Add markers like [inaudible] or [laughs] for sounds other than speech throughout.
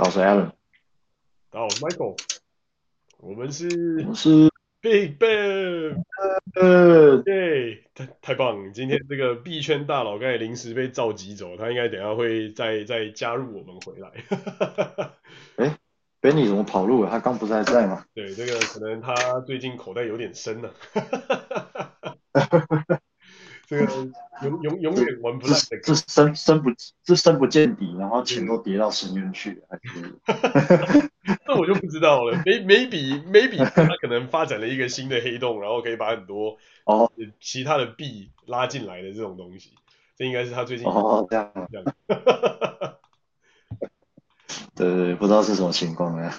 大家好我是 Allen 我是 Michael，我們是 Big 我是 Big Ben，呃，對、yeah. yeah.，太太棒了！今天這個幣圈大佬剛才臨時被召集走，他應該等下會再再加入我們回來。哎、 [laughs] 欸、，Benny 怎麼跑路了？他剛不是還在嗎？對，這個可能他最近口袋有點深了、啊。 [laughs] [laughs] 這個永永永遠玩不爛，這深深不，這深不見底，然後錢都跌到深淵去，還可以，這 [laughs] [laughs] [laughs] 我就不知道了。Maybe, Maybe Maybe 他可能發展了一個新的黑洞，哦黑洞哦、然後可以把很多哦其他的幣拉進來的這種東西，這應該是他最近哦，這樣這樣， [laughs] [laughs] 對，不知道是什麼情況呢。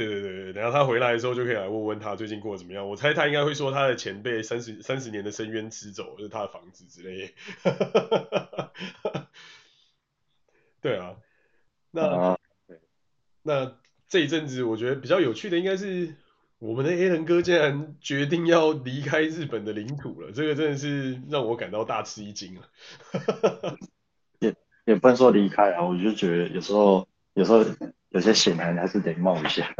對對對，等下他回來的時候就可以來問問他最近過得怎麼樣。我猜他應該會說他的前輩三十三十年的深淵吃走，就是他的房子之類的。 [laughs] 對啊，那啊那這一陣子我覺得比較有趣的應該是我們的 A 人哥竟然決定要離開日本的領土了，這個真的是讓我感到大吃一驚啊。 [laughs] 也也不能說離開啊，我就覺得有時候。有時候有些險難還是得冒一下。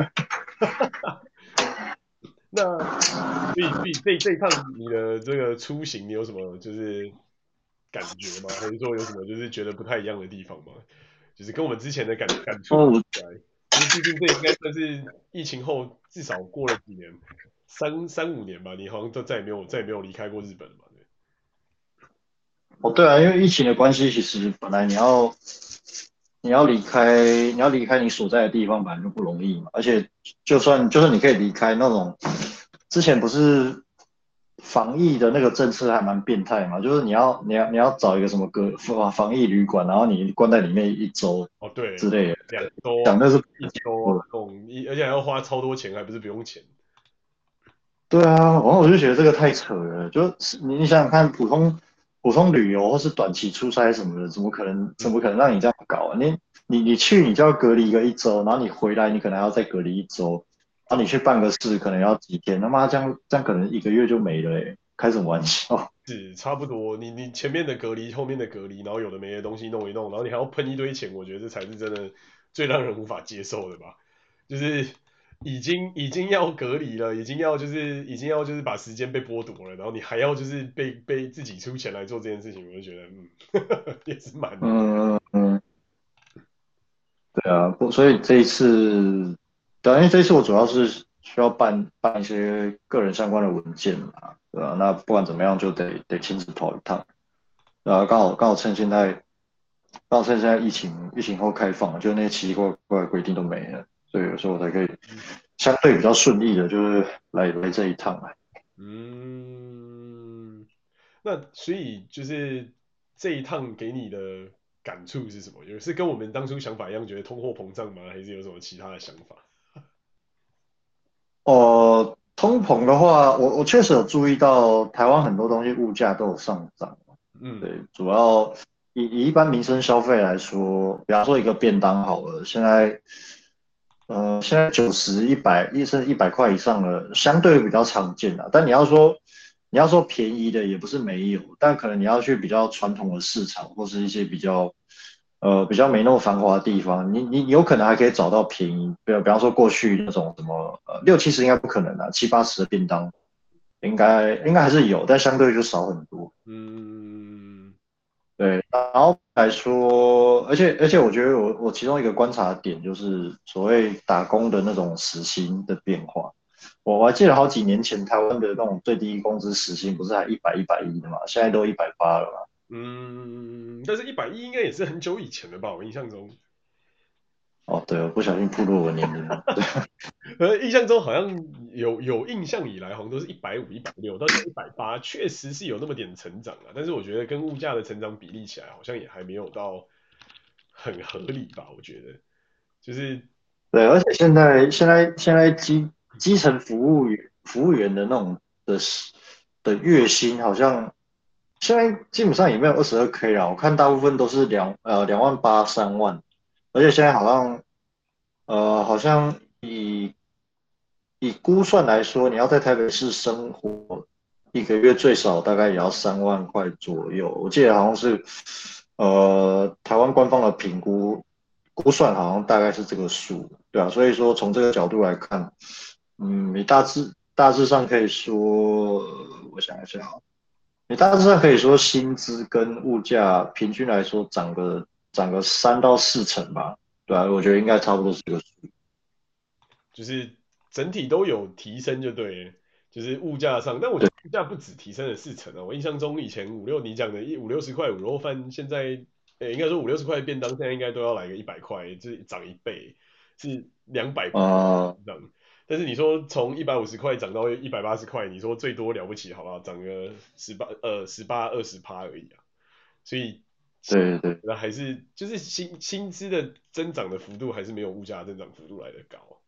[laughs] 那，你、你這、這趟你的這個出行，你有什麼就是感覺嗎？還是說有什麼就是覺得不太一樣的地方嗎？就是跟我們之前的感感觸感覺？哦。因為畢竟這應該算是疫情後至少過了幾年，三三五年吧，你好像都再也沒有再也沒有離開過日本了嘛？對。哦，對啊，因為疫情的關係，其實本來你要。你要離開，你要離開你所在的地方，反正就不容易嘛。而且就算，就算，就是你可以離開，那種之前不是防疫的那個政策還蠻變態嘛，就是你要你要你要找一個什麼個防防疫旅館，然後你關在裡面一周哦，對，之類的兩周，講的是一周啊，而且還要花超多錢，還不是不用錢。對啊，然後我就覺得這個太扯了，就是你想想看，普通。普通旅遊或是短期出差什麼的，怎麼可能？怎麼可能讓你這樣搞啊？你你你去，你就要隔離個一周，然後你回來，你可能還要再隔離一周。啊，你去辦個事，可能要幾天？那麼，這樣這樣，可能一個月就沒了。欸，開什麼玩笑？是差不多，你你前面的隔離，後面的隔離，然後有的沒的東西弄一弄，然後你還要噴一堆錢，我覺得這才是真的最讓人無法接受的吧？就是。已經已經要隔離了，已經要就是已經要就是把時間被剝奪了，然後你還要就是被被自己出錢來做這件事情，我就覺得嗯呵呵，也是蠻的嗯嗯，對啊，所以這一次，等於、啊、這一次我主要是需要辦辦一些個人相關的文件嘛，對吧、啊？那不管怎麼樣就得得親自跑一趟，啊，剛好剛好趁現在，剛好趁現在疫情疫情後開放，就那些奇奇怪怪的規定都沒了。所以有時候我才可以相對比較順利的，就是來來這一趟啊。嗯，那所以就是這一趟給你的感觸是什麼？也是跟我們當初想法一樣，覺得通貨膨脹嗎？還是有什麼其他的想法？哦，通膨的話，我我確實有注意到台灣很多東西物價都有上漲。嗯，對，主要以以一般民生消費來說，比方說一個便當好了，現在。呃，現在九十一百，甚至一百塊以上的，相對比較常見了。但你要說，你要說便宜的，也不是沒有，但可能你要去比較傳統的市場，或是一些比較，呃，比較沒那麼繁華的地方，你你有可能還可以找到便宜。比方說過去那種什麼，呃，六七十應該不可能了，七八十的便當，應該應該還是有，但相對就少很多。嗯。對，然後來說，而且而且，我覺得我我其中一個觀察點就是所謂打工的那種時薪的變化。我我還記得好幾年前，台灣的那種最低工資時薪不是還一百一百一的嘛，現在都一百八了嘛。嗯，但是一百一應該也是很久以前了吧？我印象中。哦、oh，對，我不小心暴露我年齡了。對，呃， [laughs] 印象中好像有有印象以來，好像都是一百五、一百六到一百八，確實是有那麼點成長啊。但是我覺得跟物價的成長比例起來，好像也還沒有到很合理吧？我覺得，就是對，而且現在現在現在基基層服務員服務員的那種的的月薪，好像現在基本上也沒有二十二 K 了。我看大部分都是兩呃兩萬八、三萬。而且現在好像，呃，好像以以估算來說，你要在台北市生活一個月最少大概也要三萬塊左右。我記得好像是，呃，台灣官方的評估估算好像大概是這個數，對啊。所以說從這個角度來看，嗯，你大致大致上可以說，我想一下，你大致上可以說薪資跟物價平均來說漲個。漲個三到四成吧，對啊，我覺得應該差不多是個、就是、就是整體都有提升就對，就是物價上，但我覺得物價不止提升了四成啊，我印象中以前五六你講的五六十塊牛肉飯，現在呃應該說五六十塊便當，現在應該都要來個一百塊，就是漲一倍，是兩百塊等、uh, 但是你說從一百五十塊漲到一百八十塊，你說最多了不起好不好？漲個十八呃十八二十趴而已啊，所以。對，對對，那還是就是薪薪資的增長的幅度還是沒有物價增長幅度來的高。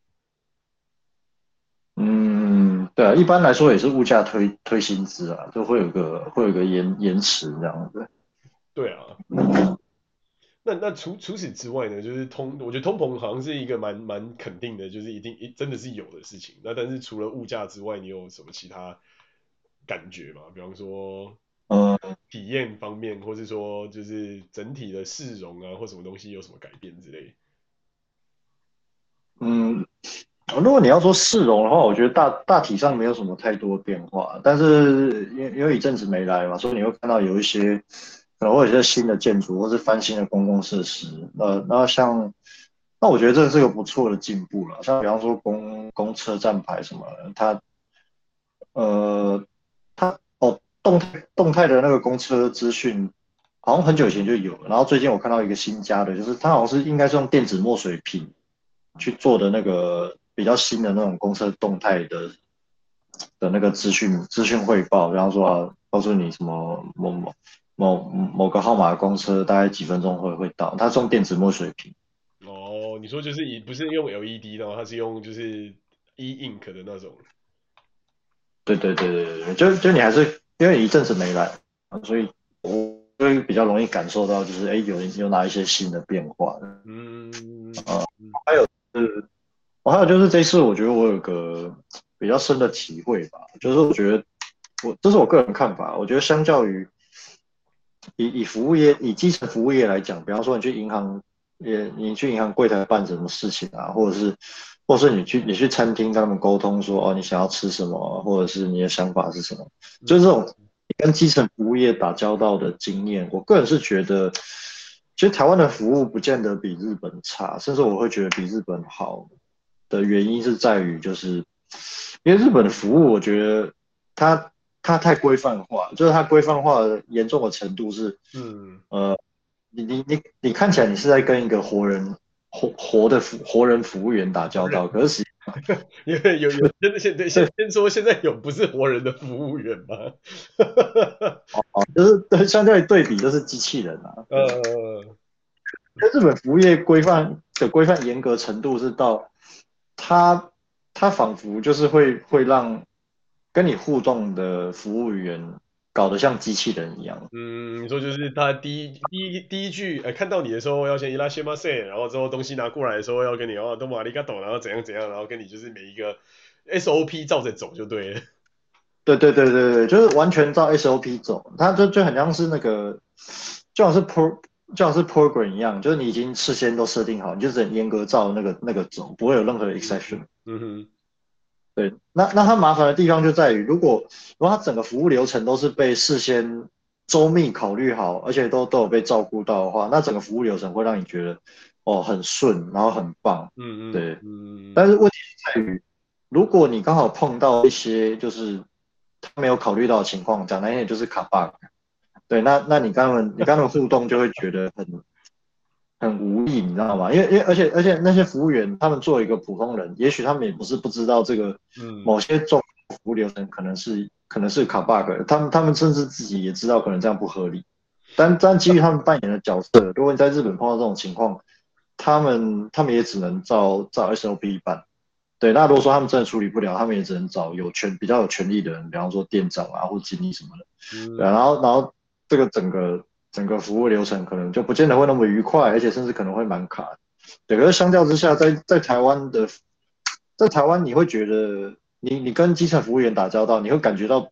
嗯，對啊，一般來說也是物價推推薪資啊，就會有個會有個延延遲這樣子。對，對啊。 [laughs] 那那除除此之外呢，就是通，我覺得通膨好像是一個蠻蠻肯定的，就是一定一真的是有的事情。那但是除了物價之外，你有什麼其他感覺嗎？比方說。呃，體驗方面，或是說就是整體的市容啊，或什麼東西有什麼改變之類。嗯，如果你要說市容的話，我覺得大大體上沒有什麼太多變化，但是因因為一陣子沒來嘛，所以你會看到有一些，可能會有一些新的建築，或是翻新的公共設施。呃，那像，那我覺得這是個不錯的進步了。像比方說公公車站牌什麼的，它，呃，它。動態動態的那個公車資訊，好像很久以前就有了。然後最近我看到一個新加的，就是它好像是應該是用電子墨水屏去做的那個比較新的那種公車動態的的那個資訊資訊匯報，然後說啊，告訴你什麼某某某某個號碼的公車大概幾分鐘會會到。它是用電子墨水屏。哦，你說就是你不是用 LED 的嗎？它是用就是 E Ink 的那種。對對對對對，就就你還是。因為一陣子沒來，所以我會比較容易感受到，就是哎、欸，有有哪一些新的變化。嗯啊、嗯呃，還有、就是，我還有就是這次，我覺得我有個比較深的體會吧，就是我覺得我這是我個人看法，我覺得相較於以以服務業、以基層服務業來講，比方說你去銀行，你去銀行櫃台辦什麼事情啊，或者是。或是你去你去餐廳，跟他們溝通說哦，你想要吃什麼，或者是你的想法是什麼？就是這種跟基層服務業打交道的經驗，我個人是覺得，其實台灣的服務不見得比日本差，甚至我會覺得比日本好的原因是在於，就是因為日本的服務，我覺得它它太規範化，就是它規範化的嚴重的程度是，嗯呃，你你你你看起來你是在跟一個活人，活活的服活人服務員打交道，可是因為 [laughs] 有有真的現在先先說現在有不是活人的服務員嗎？ [laughs] 就是對，相對對比都，就是機器人啊。呃、嗯，那、嗯嗯、日本服務業規範的規範嚴格程度是到，他他仿佛就是會會讓跟你互動的服務員。搞得像機器人一樣。嗯，你說就是他第一第一第一，第一句，呃，看到你的時候要先伊拉西馬塞，然後之後東西拿過來的時候要跟你哦東馬利卡東，然後怎樣怎樣，然後跟你就是每一個 SOP 照着走就對了。對對對對對，就是完全照 SOP 走，他就就很像是那個，就好像是 pro 就好像是 program 一樣，就是你已經事先都設定好，你就只能嚴格照那個那個走，不會有任何的 exception。嗯哼。對，那那他麻煩的地方就在於，如果如果他整個服務流程，都是被事先周密考慮好，而且都都有被照顧到的話，那整個服務流程會讓你覺得哦很順，然後很棒。嗯嗯，對，嗯嗯，但是問題在於，如果你剛好碰到一些就是他沒有考慮到的情況，簡單一點就是卡 bug，對，那那你剛剛 [laughs] 你剛剛的互動就會覺得很。很無力，你知道嗎？因為，因為，而且，而且，那些服務員，他們作為一個普通人，也許他們也不是不知道這個某些重服務流程可、嗯，可能是，可能是卡 bug。他們，他們甚至自己也知道，可能這樣不合理。但，但基於他們扮演的角色、嗯，如果你在日本碰到這種情況，他們，他們也只能照照 SOP 辦。對，那如果說他們真的處理不了，他們也只能找有權比較有權利的人，比方說店長啊，或經理什麼的、嗯。然後，然後這個整個。整個服務流程，可能就不見得會那麼愉快，而且甚至可能會蠻卡的。對，可是相較之下，在在台灣的，在台灣你會覺得你，你你跟機場服務員打交道，你會感覺到，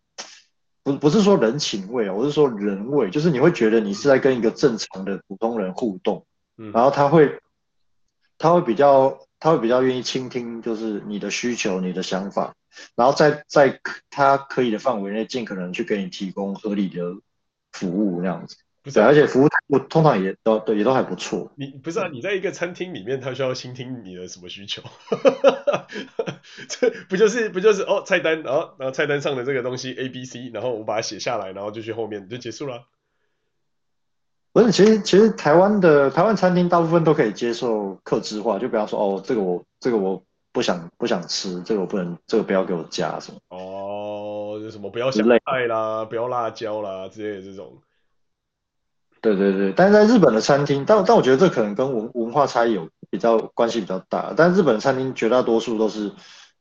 不不是說人情味，我是說人味，就是你會覺得你是在跟一個正常的普通人互動，嗯、然後他會他會比較他會比較願意傾聽，就是你的需求、你的想法，然後在在他可以的範圍內，盡可能去給你提供合理的服務，那樣子。不是、啊對，而且服務我通常也都對也都還不錯。你不是啊？你在一個餐廳裡面，他需要傾聽你的什麼需求？ [laughs] 這不就是不就是哦？菜單，然、哦、後然後菜單上的這個東西 A、B、C，然後我把它寫下來，然後就去後面就結束了。不是，其實其實台灣的台灣餐廳大部分都可以接受客制化，就比方說哦，這個我這個我不想不想吃，這個我不能，這個不要給我加什麼哦，就什麼不要香菜啦，不要辣椒啦，這些這種。對對對，但是在日本的餐廳，但但我覺得這可能跟文文化差異有比較關係比較大。但日本的餐廳絕大多數都是，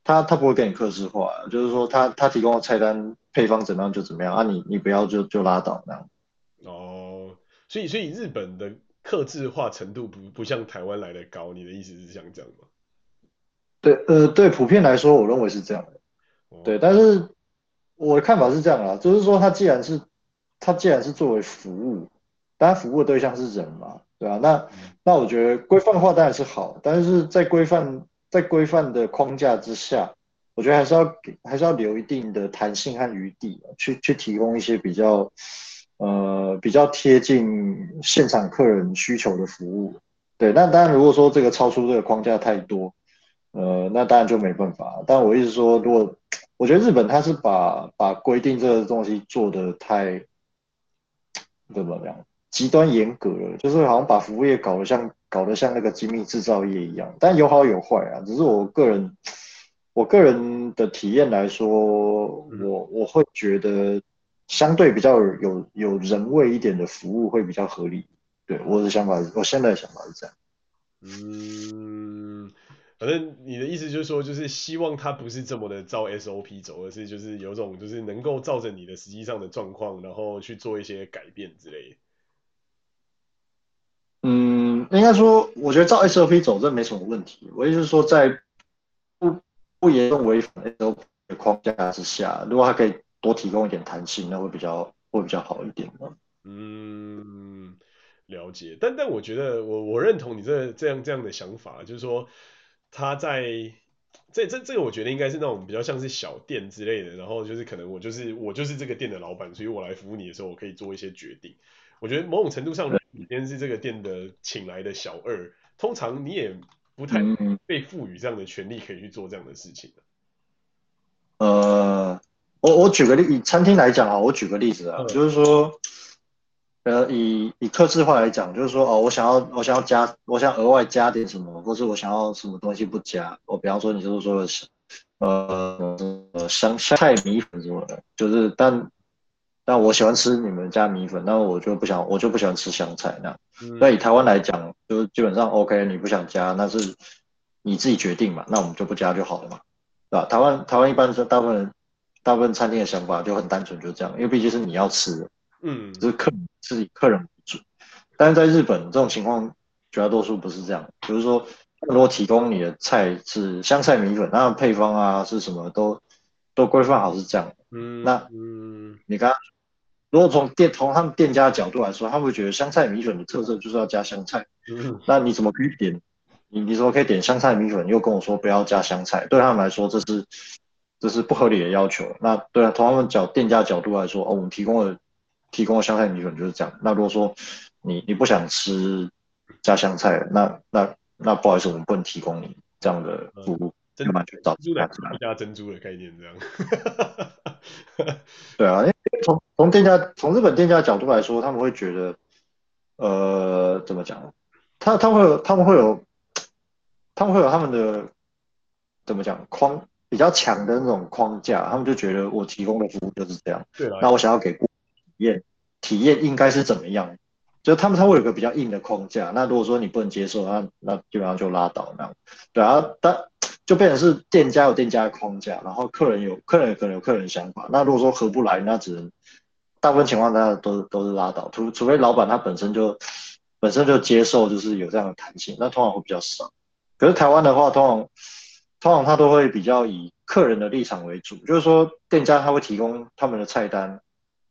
他他不會給你客製化，就是說他他提供的菜單配方怎麼樣就怎麼樣啊，你，你你不要就就拉倒那樣。哦，所以所以日本的客製化程度不不像台灣來得高，你的意思是像這樣嗎？對，呃對，普遍來說我認為是這樣的。哦、對，但是我的看法是這樣啊，就是說他既然是他既然是作為服務。當然，服務的對象是人嘛，對吧？啊。那那我覺得規範化當然是好，但是在規範在規範的框架之下，我覺得還是要給，還是要留一定的彈性和餘地，啊，去去提供一些比較呃比較貼近現場客人需求的服務。對，那當然如果說這個超出這個框架太多，呃，那當然就沒辦法。但我意思說，如果我覺得日本他是把把規定這個東西做得太怎麼怎麼樣，極端嚴格就是好像把服務業搞得，像搞得像那個精密制造業一樣，但有好有壞啊。只是我個人我個人的體驗來說，嗯、我我會覺得相對比較有有人味一點的服務會比較合理。對，我的想法，我現在想法是這樣。嗯，反正你的意思就是說，就是希望他不是這麼的照 SOP 走，而是就是有種就是能夠照着你的實際上的狀況，然後去做一些改變之類的。應該說，我覺得照 SOP 走這沒什麼問題。我意思就是說，在不不嚴重違反 SOP 的框架之下，如果他可以多提供一點彈性，那會比較會比較好一點嗎？嗯，了解。但但我覺得我我認同你這這樣這樣的想法，就是說他在這這這個我覺得應該是那種比較像是小店之類的。然後就是可能我就是我就是這個店的老闆，所以我來服務你的時候，我可以做一些決定，我覺得某種程度上。你今天是這個店的請來的小二，通常你也不太被賦予這樣的權利，可以去做這樣的事情。呃、嗯，我我舉個例，以餐廳來講啊，我舉個例子啊，嗯、就是說，呃，以以客制化來講，就是說哦，我想要我想要加，我想要額外加點什麼，或是我想要什麼東西不加，我比方說，你就是說我，呃，香香菜米粉什麼的，就是但。那我喜歡吃你們家米粉，那我就不想，我就不喜歡吃香菜那。那、嗯，那以台灣來講，就是、基本上 OK，你不想加，那是你自己決定嘛，那我們就不加就好了嘛，對吧？台灣台灣一般是大部分大部分餐廳的想法就很單純，就是這樣，因為畢竟是你要吃的，嗯，是客人是以客人為主。但是在日本這種情況絕大多數不是這樣，就是說如多提供你的菜是香菜米粉，那配方啊是什麼都。都規範好是這樣，嗯，那你剛如果從店從他們店家的角度來說，他們會覺得香菜米粉的特色就是要加香菜，嗯，那你怎麼可以點？你你說可以點香菜米粉，又跟我說不要加香菜，對他們來說，這是這是不合理的要求。那對啊，從他們角店家角度來說，哦，我們提供的提供的香菜米粉就是這樣。那如果說你你不想吃加香菜，那那那不好意思，我們不能提供你這樣的服務。嗯真的蠻全，珍珠的商家珍珠的概念這樣 [laughs] 對啊，因為從從店家從日本店家的角度來說，他們會覺得，呃，怎麼講？他他們會他們會有他們會有他們的怎麼講框比較強的那種框架，他們就覺得我提供的服務就是這樣。那我想要給顧客體驗體驗應該是怎麼樣？就他們他們會有個比較硬的框架。那如果說你不能接受，那那基本上就拉倒那樣。對啊，但就變成是店家有店家的框架，然後客人有客人可能有客人的想法。那如果說合不來，那只能大部分情況大家都是都是拉倒，除除非老闆他本身就本身就接受，就是有這樣的彈性，那通常會比較少。可是台灣的話，通常通常他都會比較以客人的立場為主，就是說店家他會提供他們的菜單，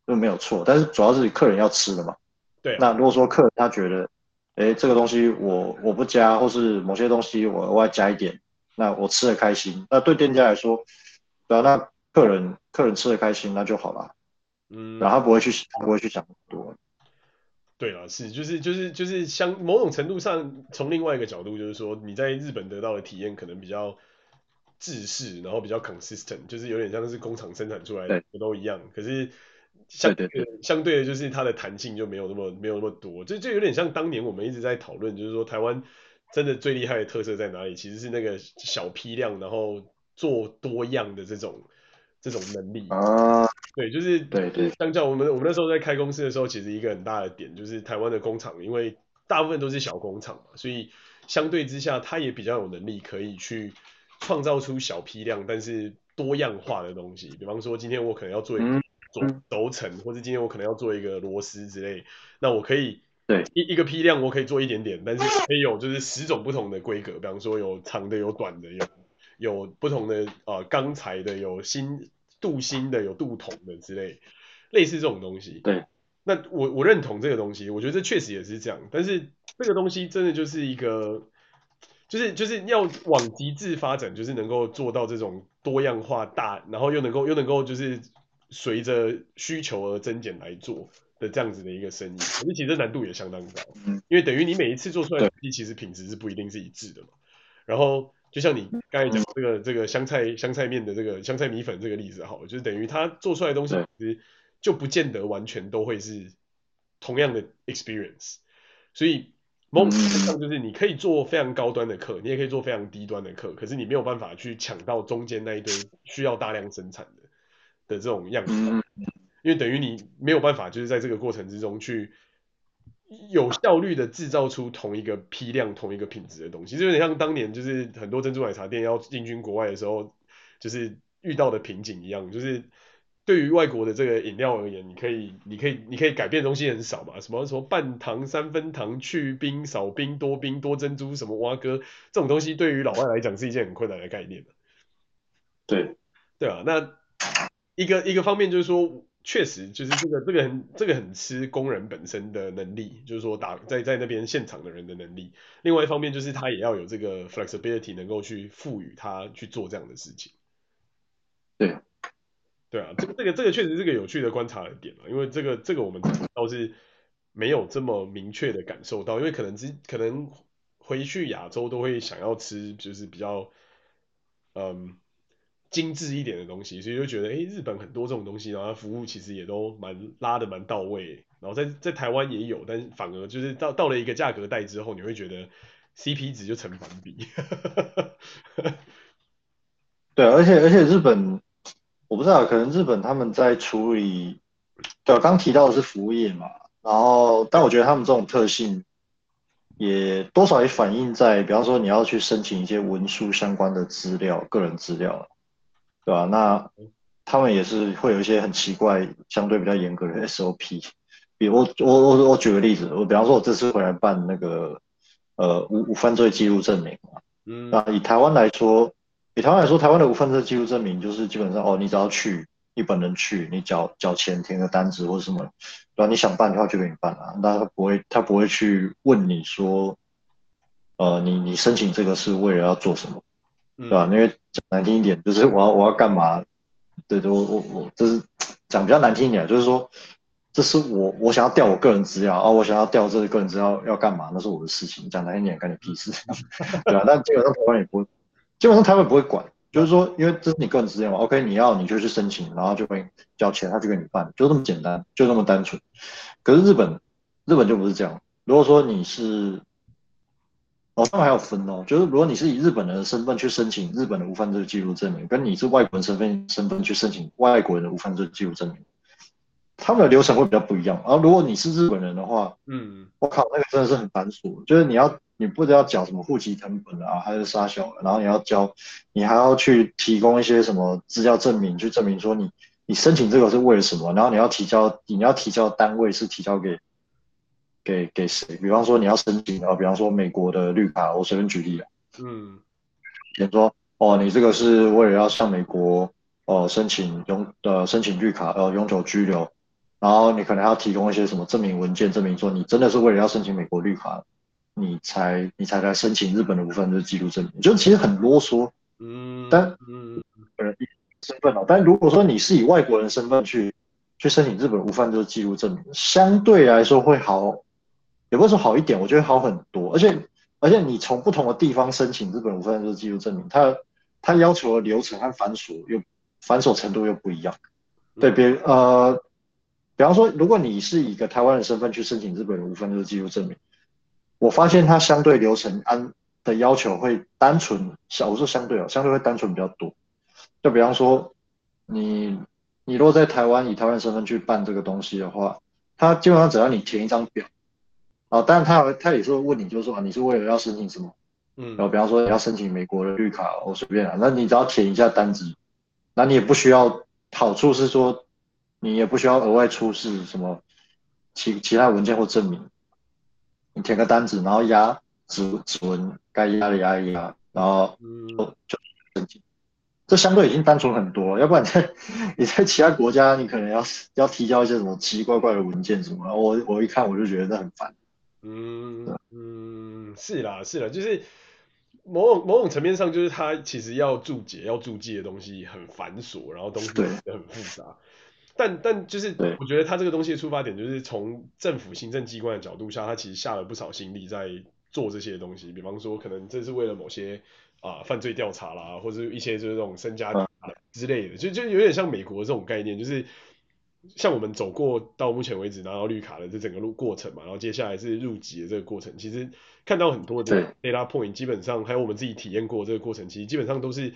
就沒有錯。但是主要是客人要吃的嘛。對。那如果說客人他覺得，哎、欸，這個東西我我不加，或是某些東西我額外加一點。那我吃的開心，那對店家來說，對啊，那客人客人吃的開心，那就好了，嗯，然後他不會去他不會去想很多。對啊，是就是就是就是像某種程度上，從另外一個角度，就是說你在日本得到的體驗可能比較制式，然後比較 consistent，就是有點像是工廠生產出來的都一樣。可是相對對對對相對的，就是它的彈性就沒有那麼沒有那麼多，就就有點像當年我們一直在討論，就是說台灣。真的最厲害的特色在哪裡？其實是那個小批量，然後做多樣的這種這種能力啊。對，就是對對。相較我們我們那時候在開公司的時候，其實一個很大的點就是台灣的工廠，因為大部分都是小工廠嘛，所以相對之下，它也比較有能力可以去創造出小批量，但是多樣化的東西。比方說，今天我可能要做一個軸承，或者今天我可能要做一個螺絲之類，那我可以。對，一一個批量我可以做一點點，但是可以有就是十種不同的規格，比方說有長的、有短的，有有不同的啊、呃、鋼材的，有新鍍鋅的、有鍍銅的之類，類似這種東西。對，那我我認同這個東西，我覺得這確實也是這樣，但是這個東西真的就是一個就是就是要往極致發展，就是能夠做到這種多樣化大，然後又能夠又能夠就是隨着需求而增減來做。的這樣子的一個生意，可是其實這難度也相當高，因為等於你每一次做出來的東西，其實品質是不一定是一致的嘛。然後就像你剛才講這個這個香菜香菜麵的這個香菜米粉這個例子，好了，就是等於它做出來的東西其實就不見得完全都會是同樣的 experience。所以某種意義上就是你可以做非常高端的客，你也可以做非常低端的客，可是你沒有辦法去搶到中間那一堆需要大量生產的的這種樣子。因為等於你沒有辦法，就是在這個過程之中去有效率的製造出同一個批量、同一個品質的東西，就有點像當年就是很多珍珠奶茶店要進軍國外的時候，就是遇到的瓶頸一樣。就是對於外國的這個飲料而言，你可以、你可以、你可以改變的東西很少嘛。什麼什麼半糖、三分糖、去冰、少冰、多冰、多珍珠、什麼挖哥，這種東西，對於老外來講是一件很困難的概念。對，對啊。那一個一個方面就是說。確實，就是這個這個很這個很吃工人本身的能力，就是說打在在那邊現場的人的能力。另外一方面，就是他也要有這個 flexibility，能夠去賦予他去做這樣的事情。對，對啊，這個、這個這個確實是一個有趣的觀察的點，因為這個這個我們倒是沒有這麼明確的感受到，因為可能之可能回去亞洲都會想要吃，就是比較，嗯。精緻一點的東西，所以就覺得哎、欸，日本很多這種東西，然後它服務其實也都蠻拉的蠻到位，然後在在台灣也有，但是反而就是到到了一個價格帶之後，你會覺得 CP 值就成反比。 [laughs] 對，而且而且日本我不知道，可能日本他們在處理，對剛提到的是服務業嘛，然後但我覺得他們這種特性也多少也反映在，比方說你要去申請一些文書相關的資料、個人資料。對吧、啊？那他們也是會有一些很奇怪、相對比較嚴格的 SOP。比如我我我，我舉個例子，我比方說，我這次回來辦那個呃無無犯罪記錄證明嘛。嗯。那以台灣來說，以台灣來說，台灣的無犯罪記錄證明就是基本上哦，你只要去你本人去，你繳繳錢填個單子或什麼，然後你想辦的話就給你辦了、啊。那他不會他不會去問你說，呃，你你申請這個是為了要做什麼？嗯、對吧、啊？因為講難聽一點,就是我要我要幹嘛？對，對，我我我這是講比較難聽一點，就是說，這是我我想要調我個人資料啊，我想要調這個個人資料要幹嘛？那是我的事情，講難聽一點，幹你屁事。 [laughs] 對吧、啊？但基本上台灣也不會，基本上台灣不會管，就是說，因為這是你個人資料，OK，你要你就去申請，然後就會交錢，他就給你辦，就這麼簡單，就這麼單純。可是日本，日本就不是這樣。如果說你是。好像還要分哦、喔，就是如果你是以日本人的身份去申請日本的無犯罪記錄證明，跟你是外國人身份身份去申請外國人的無犯罪記錄證明，他們的流程會比較不一樣。然後如果你是日本人的話，嗯，我靠，那個真的是很繁瑣，就是你要你不知道繳什麼戶籍謄本啊，還是殺小，然後你要交，你還要去提供一些什麼資料證明，去證明說你你申請這個是為了什麼，然後你要提交，你要提交單位是提交給。給給誰？比方說你要申請啊，比方說美國的綠卡，我隨便舉例了。嗯，比如說哦，你這個是為了要向美國呃申請永呃申請綠卡呃永久居留，然後你可能還要提供一些什麼證明文件，證明說你真的是為了要申請美國綠卡，你才你才來申請日本的無犯罪記錄證明，就其實很囉嗦。嗯，但嗯，本人身份啊，但如果說你是以外國人身份去去申請日本無犯罪記錄證明，相對來說會好。也不是說好一點，我覺得好很多，而且而且你從不同的地方申請日本無犯罪記錄證明，它，它要求的流程和繁瑣又繁瑣程度又不一樣。對，比呃，比方說，如果你是以一個台灣的身份去申請日本的無犯罪記錄證明，我發現它相對流程安的要求會單純小，我說相對哦，相對會單純比較多。就比方說，你你如果在台灣以台灣身份去辦這個東西的話，它基本上只要你填一張表。哦，但是他他也是會問你，就是說，你是為了要申請什麼？嗯，然後比方說你要申請美國的綠卡，我隨便啊，那你只要填一下單子，那你也不需要，好處是說，你也不需要額外出示什麼其其他文件或證明，你填個單子，然後壓指指紋，該壓的壓一壓，然後就就申請，這相對已經單純很多了。要不然你在你在其他國家，你可能要要提交一些什麼奇奇怪怪的文件什麼，我我一看我就覺得那很煩。嗯嗯，是啦是啦，就是某種某種層面上，就是他其實要注解要注記的東西很繁瑣，然後東西也很複雜。但但就是我覺得他這個東西的出發點，就是從政府行政機關的角度下，他其實下了不少心力在做這些東西。比方說，可能這是為了某些啊、呃、犯罪調查啦，或是一些就是這種身家之類的，就就有點像美國的這種概念，就是。像我們走過到目前為止拿到綠卡的這整個路過程嘛，然後接下來是入籍的這個過程，其實看到很多的 Data point，基本上還有我們自己體驗過這個過程，其實基本上都是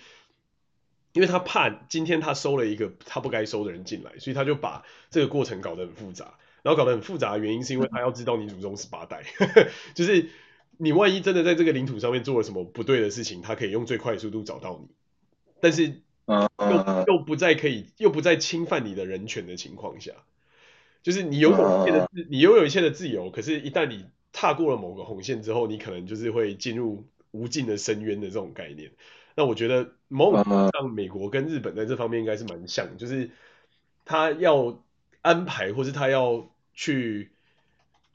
因為他怕今天他收了一個他不該收的人進來，所以他就把這個過程搞得很複雜，然後搞得很複雜的原因是因為他要知道你祖宗十八代，呵呵，就是你萬一真的在這個領土上面做了什麼不對的事情，他可以用最快的速度找到你，但是。又又不再可以，又不再侵犯你的人權的情況下，就是你擁有一切的自，你擁有一切的自由。啊、可是，一旦你踏過了某個紅線之後，你可能就是會進入無盡的深淵的這種概念。那我覺得，某種程度上，美國跟日本在這方面應該是蠻像，就是他要安排或是他要去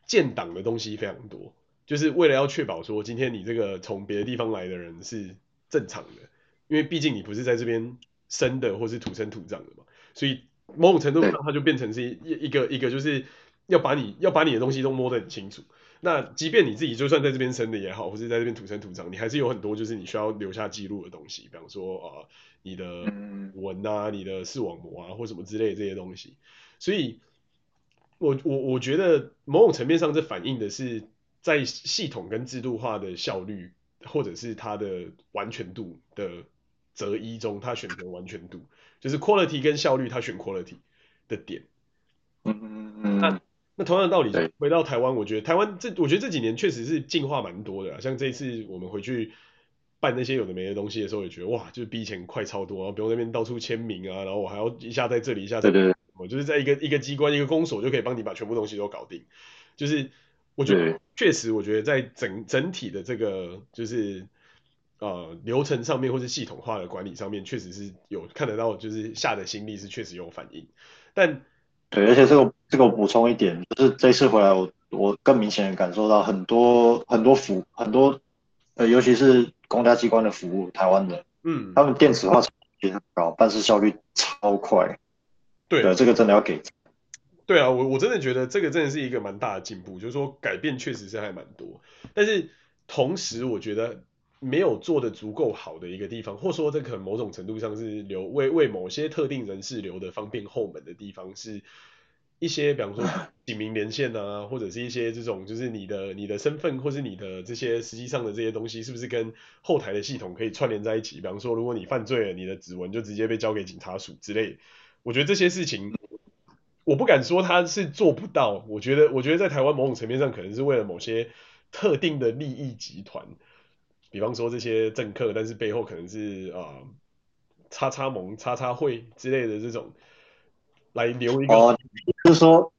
建黨的東西非常多，就是為了要確保說，今天你這個從別的地方來的人是正常的。因為畢竟你不是在這邊生的，或是土生土長的嘛，所以某種程度上，它就變成是一個 [laughs] 一個一個，就是要把你要把你的東西都摸得很清楚。那即便你自己就算在這邊生的也好，或是在這邊土生土長，你還是有很多就是你需要留下記錄的東西，比方說啊、呃，你的紋啊，你的視網膜啊，或什麼之類的這些東西。所以，我我我覺得某種層面上，這反映的是在系統跟制度化的效率，或者是它的完全度的。擇一中，他選擇完全度，就是 quality 跟效率，他選 quality 的點。嗯嗯嗯嗯。那那同樣的道理，回到台灣，我覺得台灣這，我覺得這幾年確實是進化蠻多的。像這一次我們回去辦那些有的沒的東西的時候，也覺得哇，就是比以前快超多。然後比如那邊到處簽名啊，然後我還要一下在這裡，一下在，對對。我就是在一個一個機關一個公所就可以幫你把全部東西都搞定。就是我覺得確實，我覺得在整整體的這個就是。呃，流程上面或是系統化的管理上面，確實是有看得到，就是下的心力是確實有反應。但對，而且這個這個我補充一點，就是這一次回來我，我我更明顯的感受到很多很多服很多，呃，尤其是公家機關的服務，台灣的，嗯，他們電子化程度非常高，辦事效率超快對。對，這個真的要給。對啊，我我真的覺得這個真的是一個蠻大的進步，就是說改變確實是還蠻多，但是同時我覺得。沒有做得足夠好的一個地方，或者說這可能某種程度上是留為為某些特定人士留的方便後門的地方，是一些比方說警民連線啊，或者是一些這種就是你的你的身份或是你的這些實際上的這些東西，是不是跟後台的系統可以串聯在一起？比方說如果你犯罪了，你的指紋就直接被交給警察署之類。我覺得這些事情，我不敢說他是做不到，我覺得我覺得在台灣某種層面上可能是為了某些特定的利益集團。比方說這些政客，但是背後可能是啊、呃，叉叉盟、叉叉會之類的這種來留一個，就、啊、是說，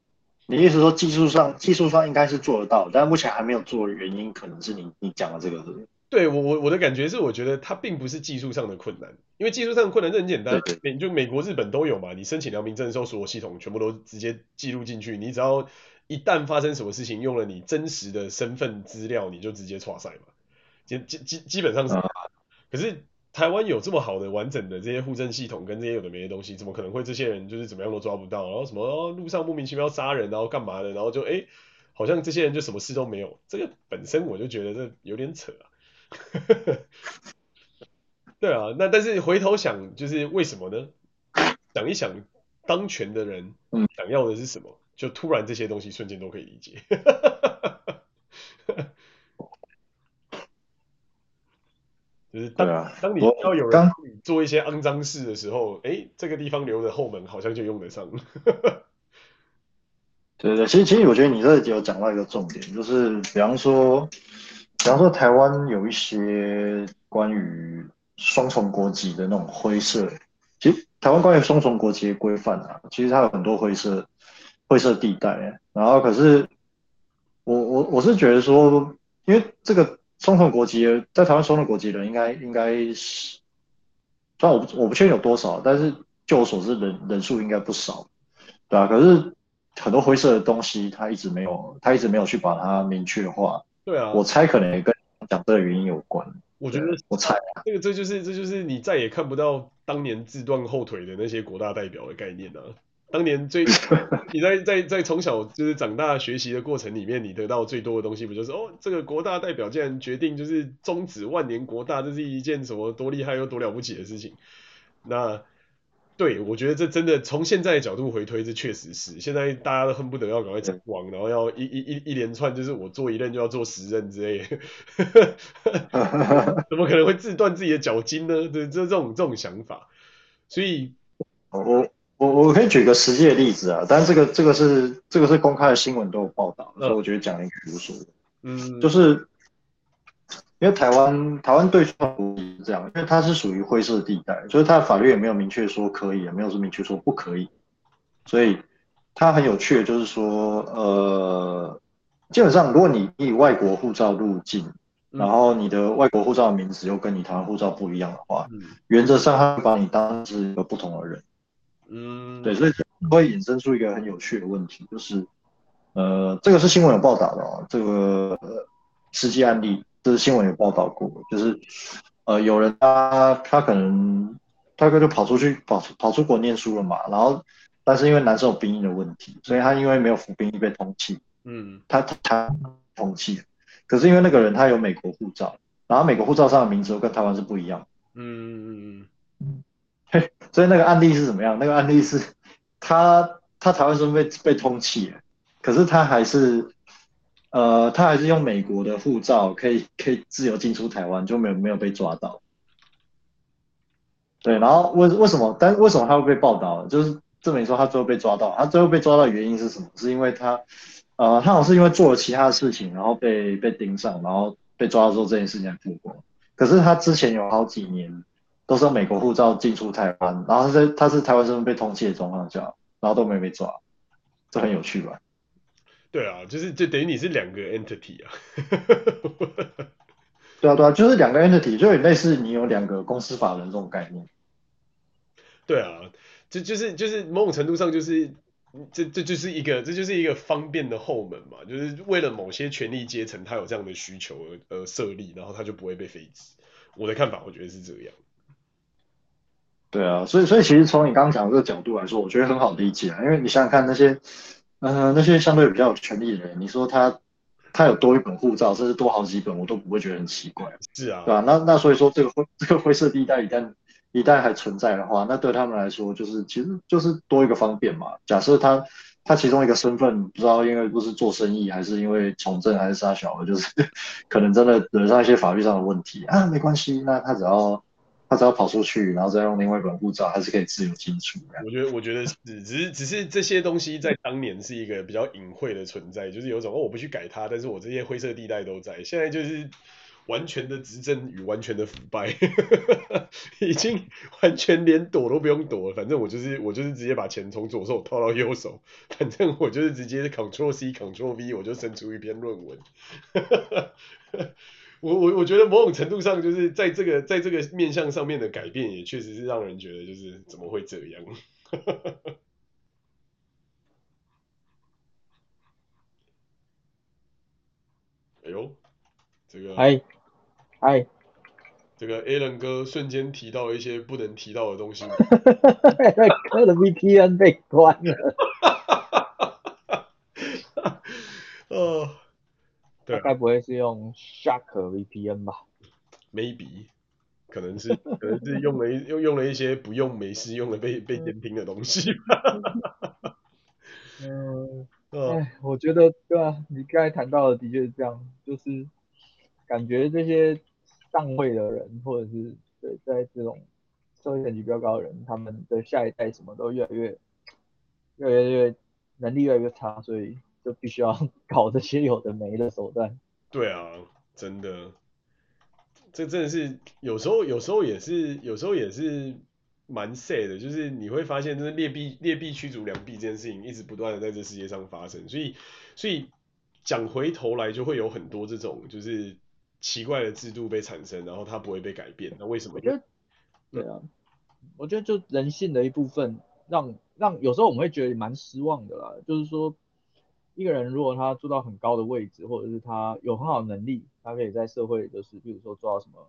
你意思說技術上技術上應該是做得到，但目前還沒有做的原因，可能是你你講的這個是是。對我我我的感覺是，我覺得它並不是技術上的困難，因為技術上的困難這很簡單，美就美國、日本都有嘛，你申請良民證的時候，所有系統全部都直接記錄進去，你只要一旦發生什麼事情，用了你真實的身份資料，你就直接剉賽嘛。基基基本上是，可是台灣有這麼好的完整的這些戶政系統跟這些有的沒的東西，怎麼可能會這些人就是怎麼樣都抓不到？然後什麼路上莫名其妙殺人然後幹嘛的？然後就誒、欸，好像這些人就什麼事都沒有。這個本身我就覺得這有點扯啊。 [laughs] 對啊，那但是回頭想就是為什麼呢？ [laughs] 想一想當權的人想要的是什麼，就突然這些東西瞬間都可以理解。 [laughs] 是當，啊、當你要有人你做一些骯髒事的時候，哎、欸，這個地方留的後門好像就用得上。 [laughs] 對，對對，其實其實我覺得你這裡有講到一個重點，就是比方說，比方說台灣有一些關於雙重國籍的那種灰色，其實台灣關於雙重國籍的規範啊，其實它有很多灰色灰色地帶。然後可是我，我我我是覺得說，因為這個。雙重國籍人在台灣，雙重國籍的人應該應該是，雖然我不我不確定有多少，但是就我所知人，人人數應該不少，對啊，可是很多灰色的東西，他一直沒有，他一直沒有去把它明確化。對啊，我猜可能也跟講這個原因有關。我覺得，我猜啊，這個這就是這就是你再也看不到當年自斷後腿的那些國大代表的概念了啊。當年最你在在在，在從小就是長大學習的過程裡面，你得到最多的東西，不就是哦，這個國大代表竟然決定就是終止萬年國大，這是一件什麼多厲害又多了不起的事情？那對我覺得這真的從現在的角度回推，這確實是現在大家都恨不得要趕快稱王，然後要一一一一連串就是我做一任就要做十任之類的， [laughs] 怎麼可能會自斷自己的腳筋呢？對、就、這、是、這種這種想法，所以，哦。我我可以舉個實際的例子啊，但這個這個是這個是公開的新聞都有報道、嗯，所以我覺得講一句無所謂。嗯，就是因為台灣台灣對沖是這樣，因為它是屬於灰色的地帶，所以它的法律也沒有明確說可以，也沒有說明確說不可以。所以它很有趣的就是說，呃，基本上如果你以外國護照入境，然後你的外國護照的名字又跟你台灣護照不一樣的話，嗯、原則上他會把你當是一個不同的人。嗯，對，所以會引申出一個很有趣的問題，就是，呃，這個是新聞有報道的啊、哦，這個實際案例這是新聞有報道過，就是，呃，有人他、啊、他可能他哥就跑出去跑跑出國念書了嘛，然後，但是因為男生有兵役的問題，所以他因為沒有服兵役被通緝，嗯，他他，他通緝，可是因為那個人他有美國護照，然後美國護照上的名字跟台灣是不一樣的，嗯嗯嗯嗯。 [laughs] 所以那個案例是怎麼樣？那個案例是他，他他台灣是，是被被通緝，可是他還是，呃，他還是用美國的護照可以可以自由進出台灣，就沒有沒有被抓到。對，然後為為什麼？但為什麼他會被報道？就是證明說他最後被抓到，他最後被抓到的原因是什麼？是因為他，呃，他好像是因為做了其他的事情，然後被被盯上，然後被抓到這件事情才復活。可是他之前有好幾年。都是用美國護照進出台灣，然後在他，他是台灣身份被通緝的狀況下，然後都沒被抓，這很有趣吧？對啊，就是就等於你是兩個 entity 啊， [laughs] 對啊對啊，就是兩個 entity 就類似你有兩個公司法人這種概念。對啊，就就是就是某種程度上就是這這就是一個這就是一個方便的後門嘛，就是為了某些權力階層他有這樣的需求而而呃、設立，然後他就不會被廢止。我的看法，我覺得是這樣。對啊，所以所以其實從你剛剛講的這個角度來說，我覺得很好理解啊。因為你想想看那些，嗯、呃，那些相對比較有權力的人，你說他他有多一本護照，甚至多好幾本，我都不會覺得很奇怪。是啊，對啊，那那所以說這個灰這個灰色地帶一旦一旦還存在的話，那對他們來說就是其實就是多一個方便嘛。假設他他其中一個身份不知道因為不是做生意，還是因為從政，還是殺小的，就是可能真的惹上一些法律上的問題啊，沒關係，那他只要。他只要跑出去，然後再用另外一本護照，還是可以自由進出。我覺得，我覺得是，只是，只是這些東西在當年是一個比較隱晦的存在，就是有種哦，我不去改它，但是我這些灰色地帶都在。現在就是完全的執政與完全的腐敗， [laughs] 已經完全連躲都不用躲了。反正我就是，我就是直接把錢從左手掏到右手，反正我就是直接 Control C Control V，我就伸出一篇論文。 [laughs] 我我我覺得某種程度上，就是在這個在這個面向上面的改變，也確實是讓人覺得就是怎麼會這樣？ [laughs] 哎呦，這個哎哎，Hi. Hi. 這個 Alan 哥瞬間提到一些不能提到的東西，在哥的 VPN 被關了，哦。該不會是用 Shark VPN 吧？Maybe 可能是，可能是用了一又 [laughs] 用，用了一些不用沒事用的被被監聽的東西吧 [laughs] 嗯。嗯，哎，我覺得對啊，你剛才談到的的確是這樣，就是感覺這些上位的人或者是對在這種社會等級比較高的人，他們的下一代什麼都越來越越來越能力越來越差，所以。就必須要搞這些有的沒的手段。對啊，真的，這真的是有時候，有時候也是，有時候也是蠻 sad 的，就是你會發現，就是劣幣劣幣驅逐良幣這件事情一直不斷的在這世界上發生，所以，所以講回頭來就會有很多這種就是奇怪的制度被產生，然後它不會被改變，那為什麼？我覺得，對啊、嗯，我覺得就人性的一部分讓，讓讓有時候我們會覺得蠻失望的啦，就是說。一個人如果他做到很高的位置，或者是他有很好的能力，他可以在社會，就是比如說做到什麼、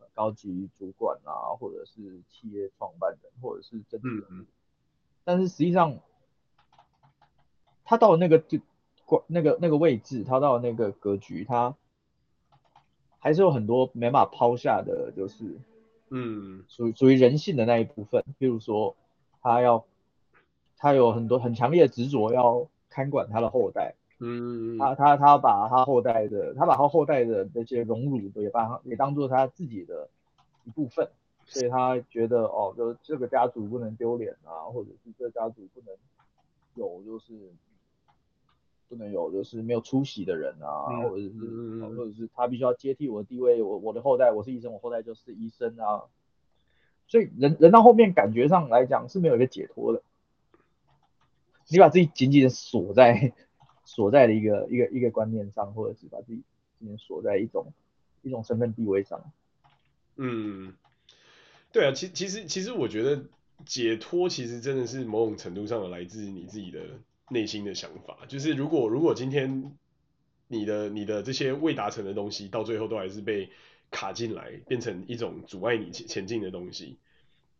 呃、高級主管啊，或者是企業創辦人，或者是政治人物。嗯、但是實際上，他到了那個就管那個那個位置，他到了那個格局，他還是有很多沒法拋下的，就是嗯屬於屬於人性的那一部分。比如說，他要他有很多很強烈的執着要。看管他的後代，嗯，他他他把他後代的，他把他後代的那些榮辱也，也把他也當做他自己的一部分，所以他覺得哦，就是這個家族不能丟臉啊，或者是這個家族不能有就是不能有就是沒有出息的人啊，嗯、或者是或者是他必須要接替我的地位，我我的後代我是醫生，我後代就是醫生啊，所以人人到後面感覺上來講是沒有一個解脫的。你把自己緊緊的鎖在鎖在了一個一個一個觀念上，或者是把自己緊緊鎖在一種一種身份地位上，嗯，對啊，其其實其實我覺得解脫其實真的是某種程度上來自你自己的內心的想法，就是如果如果今天你的你的這些未達成的東西到最後都還是被卡進來，變成一種阻礙你前前進的東西，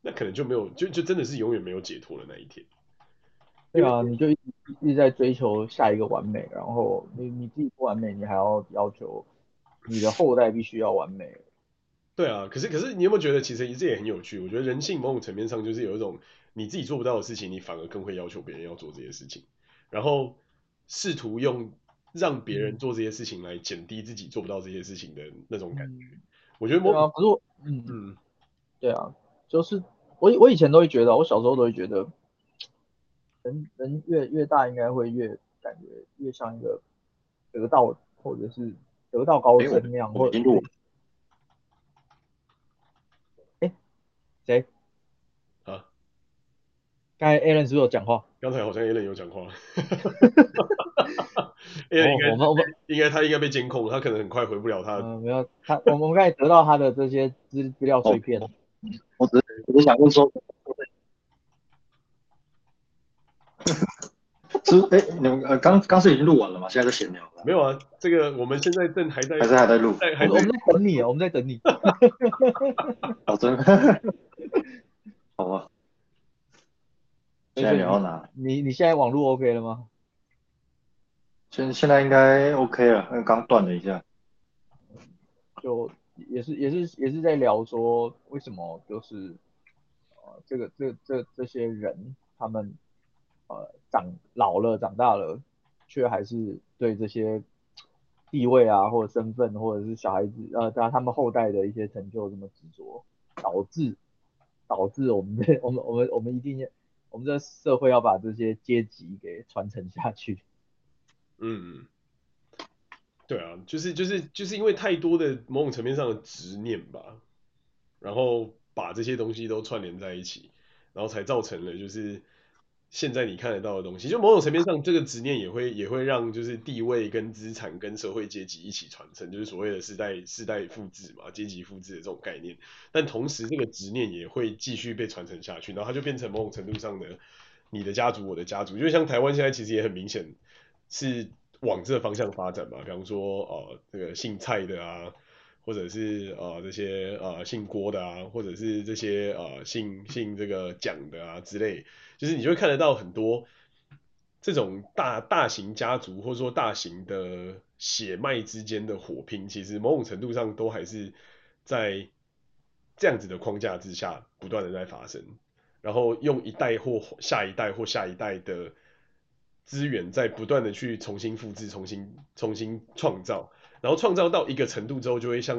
那可能就沒有，就就真的是永遠沒有解脫的那一天。對啊，你就一直，一直在追求下一個完美，然後你你自己不完美，你還要要求你的後代必須要完美。對啊，可是可是你有沒有覺得，其實一直也很有趣？我覺得人性某種層面上就是有一種你自己做不到的事情，你反而更會要求別人要做這些事情，然後試圖用讓別人做這些事情來減低自己做不到這些事情的那種感覺。嗯、我覺得，啊，可是我，嗯，對啊，就是我我以前都會覺得，我小時候都會覺得。人人越越大，應該會越感覺越像一個得道，或者是得道高僧那樣，或者哎，誰、欸、啊？剛才 Alan 是不是有講話？剛才好像 Alan 有講話 [laughs] [laughs] [laughs] ，Alan 我們我們應該，Cross 嗯、應該他應該被監控，他可能很快回不了他。他、呃、嗯，沒有，他我們剛才得到他的這些資資料碎片。哦、我只是，我是想問說。 [laughs] 是哎、欸，你們呃剛剛是已經錄完了嗎？現在在閒聊了？沒有啊，這個我們現在正還在，還是還在錄，還在還是我們在等你啊，我們在等你。啊、 [laughs] 哦、真？ [laughs] 好吧，所以所以現在你要拿你你現在網絡 OK 了嗎？現在現在應該 OK 了，剛斷了一下。就也是也是也是在聊說為什麼就是、呃、這個這這這些人他們，呃，長老了，長大了，卻還是對這些地位啊，或者身份，或者是小孩子，呃，他他們後代的一些成就這麼執着，導致導致我們的我們我們我們一定要，我們這社會要把這些階級給傳承下去。嗯，對啊，就是就是就是因為太多的某種層面上的執念吧，然後把這些東西都串聯在一起，然後才造成了就是。現在你看得到的東西，就某種層面上，這個執念也會也會讓就是地位跟資產跟社會階級一起傳承，就是所謂的世代世代複製嘛，階級複製的這種概念。但同時，這個執念也會繼續被傳承下去，然後它就變成某種程度上的你的家族，我的家族。就像台灣現在其實也很明顯是往這個方向發展嘛。比方說，呃，這個姓蔡的啊。或者是呃這些呃姓郭的啊，或者是這些呃姓姓這個蔣的啊之類，就是你就會看得到很多這種大大型家族或者說大型的血脈之間的火拼，其實某種程度上都還是在這樣子的框架之下不斷的在發生，然後用一代或下一代或下一代的資源在不斷的去重新複製、重新重新創造。然後創造到一個程度之後，就會像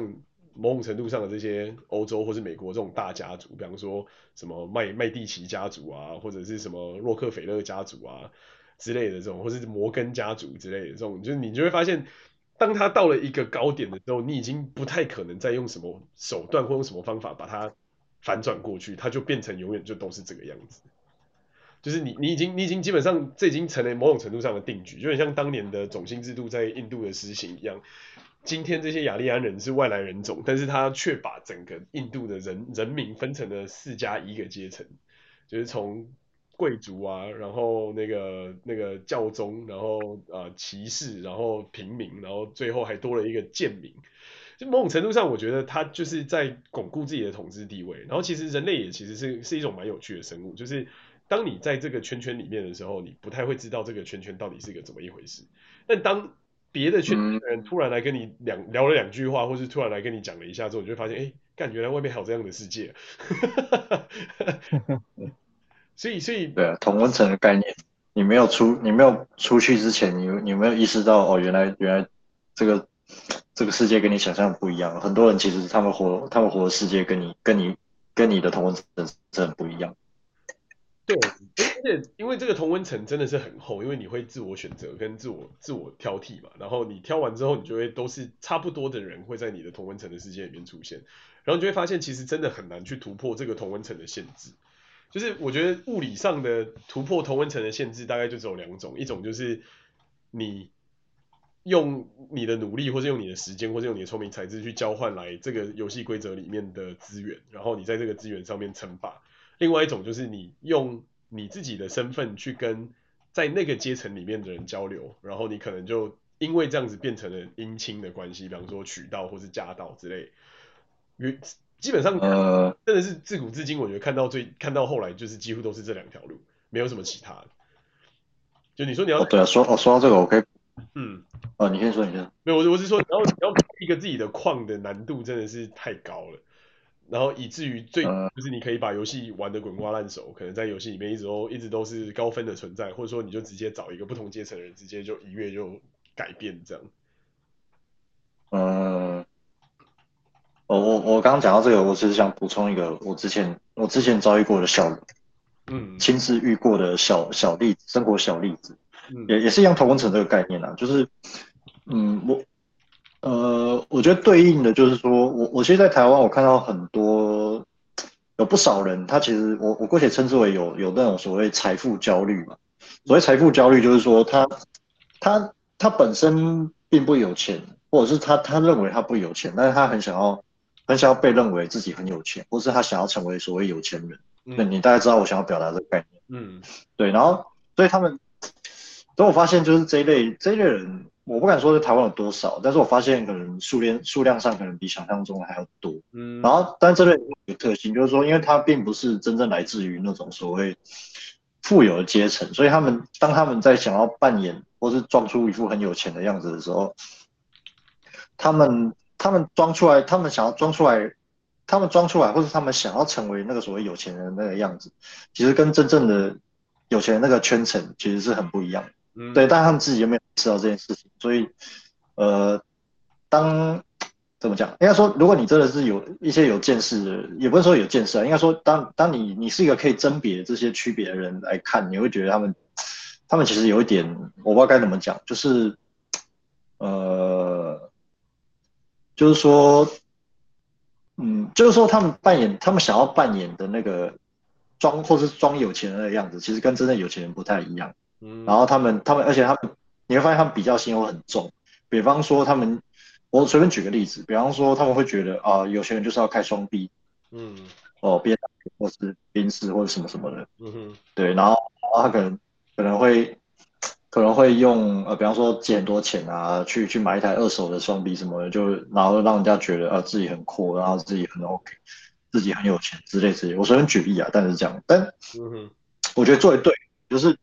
某種程度上的這些歐洲或是美國這種大家族，比方說什麼麥麥蒂奇家族啊，或者是什麼洛克菲勒家族啊之類的這種，或是摩根家族之類的這種，就是你就會發現，當他到了一個高點的時候，你已經不太可能再用什麼手段或用什麼方法把它反轉過去，它就變成永遠就都是這個樣子。就是你，你已經，你已經基本上，這已經成了某種程度上的定局，就很像當年的種姓制度在印度的實行一樣。今天這些雅利安人是外來人種，但是他卻把整個印度的人人民分成了四加一個階層，就是從貴族啊，然後那個那個教宗，然後呃、騎士，然後平民，然後最後還多了一個賤民。就某種程度上，我覺得他就是在鞏固自己的統治地位。然後其實人類也其實是是一種蠻有趣的生物，就是。當你在這個圈圈裡面的時候，你不太會知道這個圈圈到底是個怎麼一回事。但當別的圈圈的人突然來跟你兩、嗯、聊了兩句話，或是突然來跟你講了一下之後，你就發現，哎、欸，感覺外面還有這樣的世界。 [laughs] 所以，所以，對啊，同溫層的概念，你沒有出，你沒有出去之前，你你沒有意識到，哦，原來原來這個這個世界跟你想象不一樣。很多人其實他們活他們活的世界跟你跟你跟你的同溫層真的不一樣。對，而且因為這個同溫層真的是很厚，因為你會自我選擇跟自我自我挑剔嘛，然後你挑完之後，你就會都是差不多的人會在你的同溫層的世界裡面出現，然後你就會發現，其實真的很難去突破這個同溫層的限制。就是我覺得物理上的突破同溫層的限制，大概就只有兩種，一種就是你用你的努力，或者用你的時間，或者用你的聰明才智去交換來這個遊戲規則裡面的資源，然後你在這個資源上面稱霸。另外一種就是你用你自己的身份去跟在那個階層裡面的人交流，然後你可能就因為這樣子變成了姻親的關係，比方說娶到或是嫁到之類。因為基本上、呃、真的是自古至今，我覺得看到最看到後來就是幾乎都是這兩條路，沒有什麼其他的。就你說你要、哦、對啊，說哦說到這個 OK，嗯，啊、哦、你先說你先，沒有我我是說你要你要一個自己的礦的難度真的是太高了。然後以至於最就是你可以把遊戲玩得滾瓜爛熟，可能在遊戲裡面一直都一直都是高分的存在，或者說你就直接找一個不同階層的人，直接就一躍就改變這樣。嗯，我我我剛剛講到這個，我只是想補充一個我之前我之前遭遇過的小，嗯，親自遇過的小小例子，生活小例子，嗯、也也是一樣同工程同溫層這個概念啊，就是，嗯，我。呃，我覺得對應的就是說，我我其實，在台灣，我看到很多有不少人，他其實我我姑且稱之為有有那種所謂財富焦慮嘛。所謂財富焦慮，就是說他他他本身並不有錢，或者是他他認為他不有錢，但是他很想要很想要被認為自己很有錢，或是他想要成為所謂有錢人。嗯。那你大概知道我想要表達的概念，嗯，對。然後，所以他們，等我發現就是這一類這一類人，我不敢說在台灣有多少，但是我發現可能數量數量上可能比想象中還要多。嗯，然後，但是這類有特性，就是說，因為他並不是真正來自於那種所謂富有的階層，所以他們當他們在想要扮演或是裝出一副很有錢的樣子的時候，他們他們裝出來，他們想要裝出來，他們裝出來，或是他們想要成為那個所謂有錢人那個樣子，其實跟真正的有錢的那個圈層其實是很不一樣。 [noise] 對，但是他們自己有沒有知道這件事情？所以，呃，當怎麼講，應該說，如果你真的是有一些有見識，也不是說有見識，應該說當，當當你你是一個可以甄別這些區別的人來看，你會覺得他們，他們其實有一點，我不知道該怎麼講，就是，呃，就是說，嗯，就是說，他們扮演，他們想要扮演的那個裝或是裝有錢人的樣子，其實跟真正有錢人不太一樣。嗯、然後他們，他們，而且他們，你會發現他們比較心有很重。比方說，他們，我隨便舉個例子，比方說，他們會覺得啊、呃，有些人就是要開雙 B。嗯，哦、呃，邊或是邊吃或者什麼什麼的，嗯，對，然後。然後他可能可能會可能會用呃，比方說借很多錢啊，去去買一台二手的雙 B 什麼的，就然後讓人家覺得啊、呃、自己很酷，然後自己很 OK，自己很有錢之類之類。我隨便舉例啊，但是這樣，但嗯我覺得做的對，就是。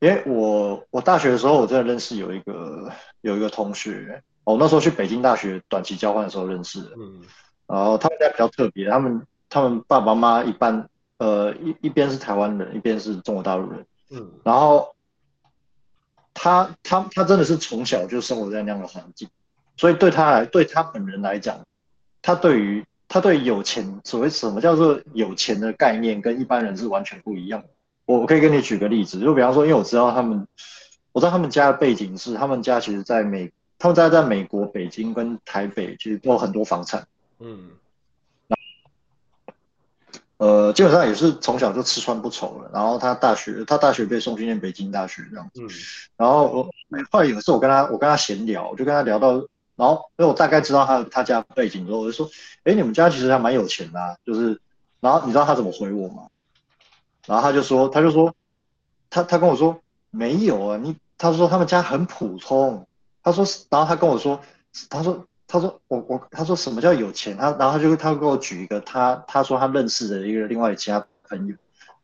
因為我我大學的時候，我真的認識有一個有一個同學，我那時候去北京大學短期交換的時候認識的，嗯，然後他們家比較特別，他們他們爸爸媽媽一般，呃，一一邊是台灣人，一邊是中國大陸人，嗯，然後他他他，他真的是從小就生活在那樣的環境，所以對他來對他本人來講，他對於他對有錢所謂什麼叫做有錢的概念，跟一般人是完全不一樣的。我可以給你舉個例子，就比方說，因為我知道他們，我知道他們家的背景是，他們家其實在美，他們家在美國、北京跟台北其實都有很多房產，嗯，呃，基本上也是從小就吃穿不愁了。然後他大學，他大學被送去念北京大學這樣子。嗯、然後我、欸、後來有一次我跟他，我跟他閒聊，我就跟他聊到，然後因為我大概知道他他家背景之後，我就說：“哎、欸，你們家其實還蠻有錢的、啊。”就是，然後你知道他怎麼回我嗎？然後他就說，他就說，他他跟我說沒有啊，你他說他們家很普通，他說是，然後他跟我說，他說他說，他說我我他說什麼叫有錢，他然後他就他給我舉一個他他說他認識的一個另外一個其他朋友，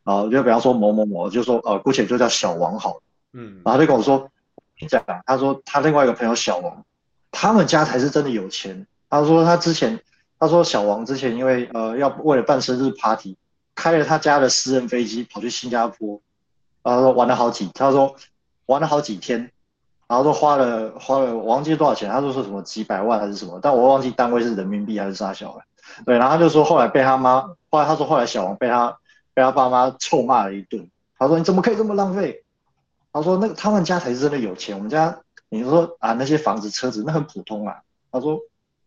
啊、呃、就比方說某某某，就說呃姑且就叫小王好了，嗯，然後他就跟我說，你講他說他另外一個朋友小王，他們家才是真的有錢，他說他之前他說小王之前因為呃要為了辦生日 party。開了他家的私人飛機跑去新加坡，然後他說玩了好幾，他說玩了好幾天，然後說花了花了我忘記多少錢，他說說什麼幾百萬還是什麼，但我忘記單位是人民幣還是啥小的。對，然後他就說後來被他媽，後來他說後來小王被他被他爸媽臭罵了一頓，他說你怎麼可以這麼浪費？他說那個他們家才是真的有錢，我們家你就說啊那些房子車子那很普通啊，他說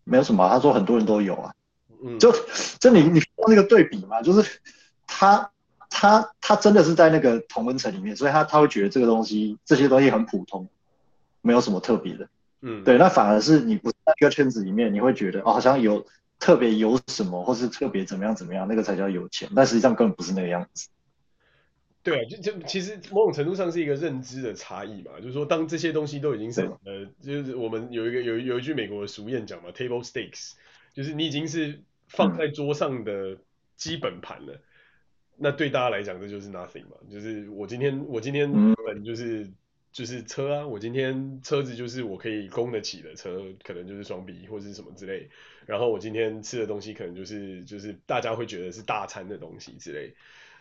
沒有什麼啊，他說很多人都有啊，就就你你說那個對比嘛，就是。他他他真的是在那個同溫層裡面，所以他他會覺得這個東西這些東西很普通，沒有什麼特別的。嗯，對，那反而是你不在一個圈子裡面，你會覺得、哦、好像有特別有什麼，或是特別怎麼樣怎麼樣，那個才叫有錢。但實際上根本不是那個樣子。對啊，就就其實某種程度上是一個認知的差異吧，就是說，當這些東西都已經是、呃，就是我們有一個有有一，有一句美國的俗諺講嘛，“table stakes”，就是你已經是放在桌上的基本盤了。嗯那對大家來講，這就是 nothing 嘛，就是我今天我今天本就是、mm -hmm. 就是車啊，我今天車子就是我可以供得起的車，可能就是雙 B 或是什麼之類，然後我今天吃的東西可能就是就是大家會覺得是大餐的東西之類，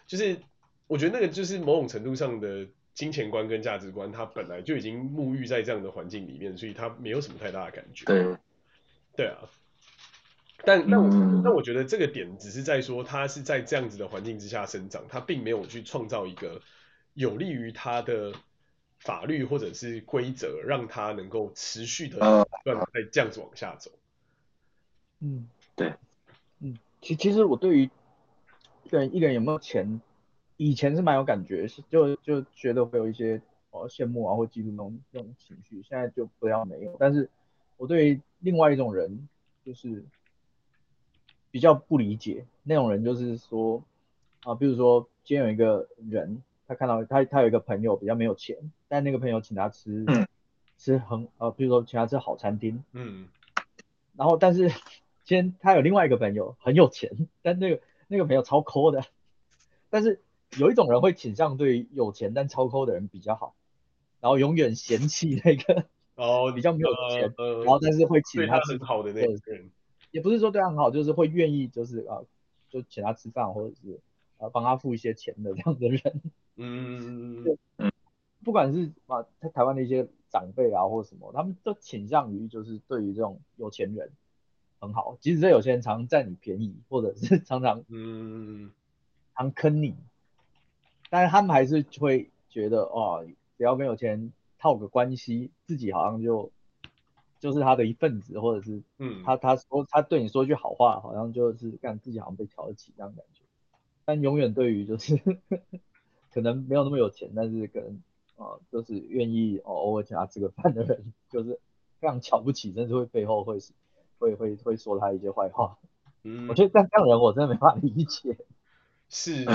就是我覺得那個就是某種程度上的金錢觀跟價值觀，它本來就已經沐浴在這樣的環境裡面，所以它沒有什麼太大的感覺。對、mm -hmm.，對啊。但那我那我覺得這個點只是在說，他是在這樣子的環境之下生長，他並沒有去創造一個有利於他的法律或者是規則，讓他能夠持續的在這樣子往下走。嗯，對，嗯，其其實我對於對一個人有沒有錢，以前是蠻有感覺，就就覺得會有一些哦羨慕啊或嫉妒那種那種情緒，現在就不要沒有。但是我對於另外一種人就是。比較不理解那種人，就是說啊、呃，比如說今天有一個人，他看到他他有一個朋友比較沒有錢，但那個朋友請他吃、嗯、吃很呃，比如說請他吃好餐廳，嗯，然後但是今天他有另外一個朋友很有錢，但那個那個朋友超摳的，但是有一種人會傾向對有錢但超摳的人比較好，然後永遠嫌棄那個哦比較沒有錢、呃，然後但是會請他吃好的那個人。對對對。也不是說對他很好，就是會願意，就是啊，就請他吃飯，或者是啊，幫他付一些錢的這樣的人。嗯，不管是啊，台台灣的一些長輩啊，或什麼，他們都傾向於就是對於這種有錢人很好，即使這有錢人常占你便宜，或者是常常嗯，常坑你，嗯、但是他們還是會覺得哦，只要跟有錢人套個關係，自己好像就。就是他的一份子，或者是，嗯，他他說他對你說一句好話，好像就是看自己好像被瞧得起這樣的感覺。但永遠對於就是可能沒有那麼有錢，但是可能啊、呃，就是願意哦偶爾請他吃個飯的人、嗯，就是非常瞧不起，甚至會背後會會會會說他一些壞話。嗯，我覺得這樣的人我真的沒法理解。是 [laughs]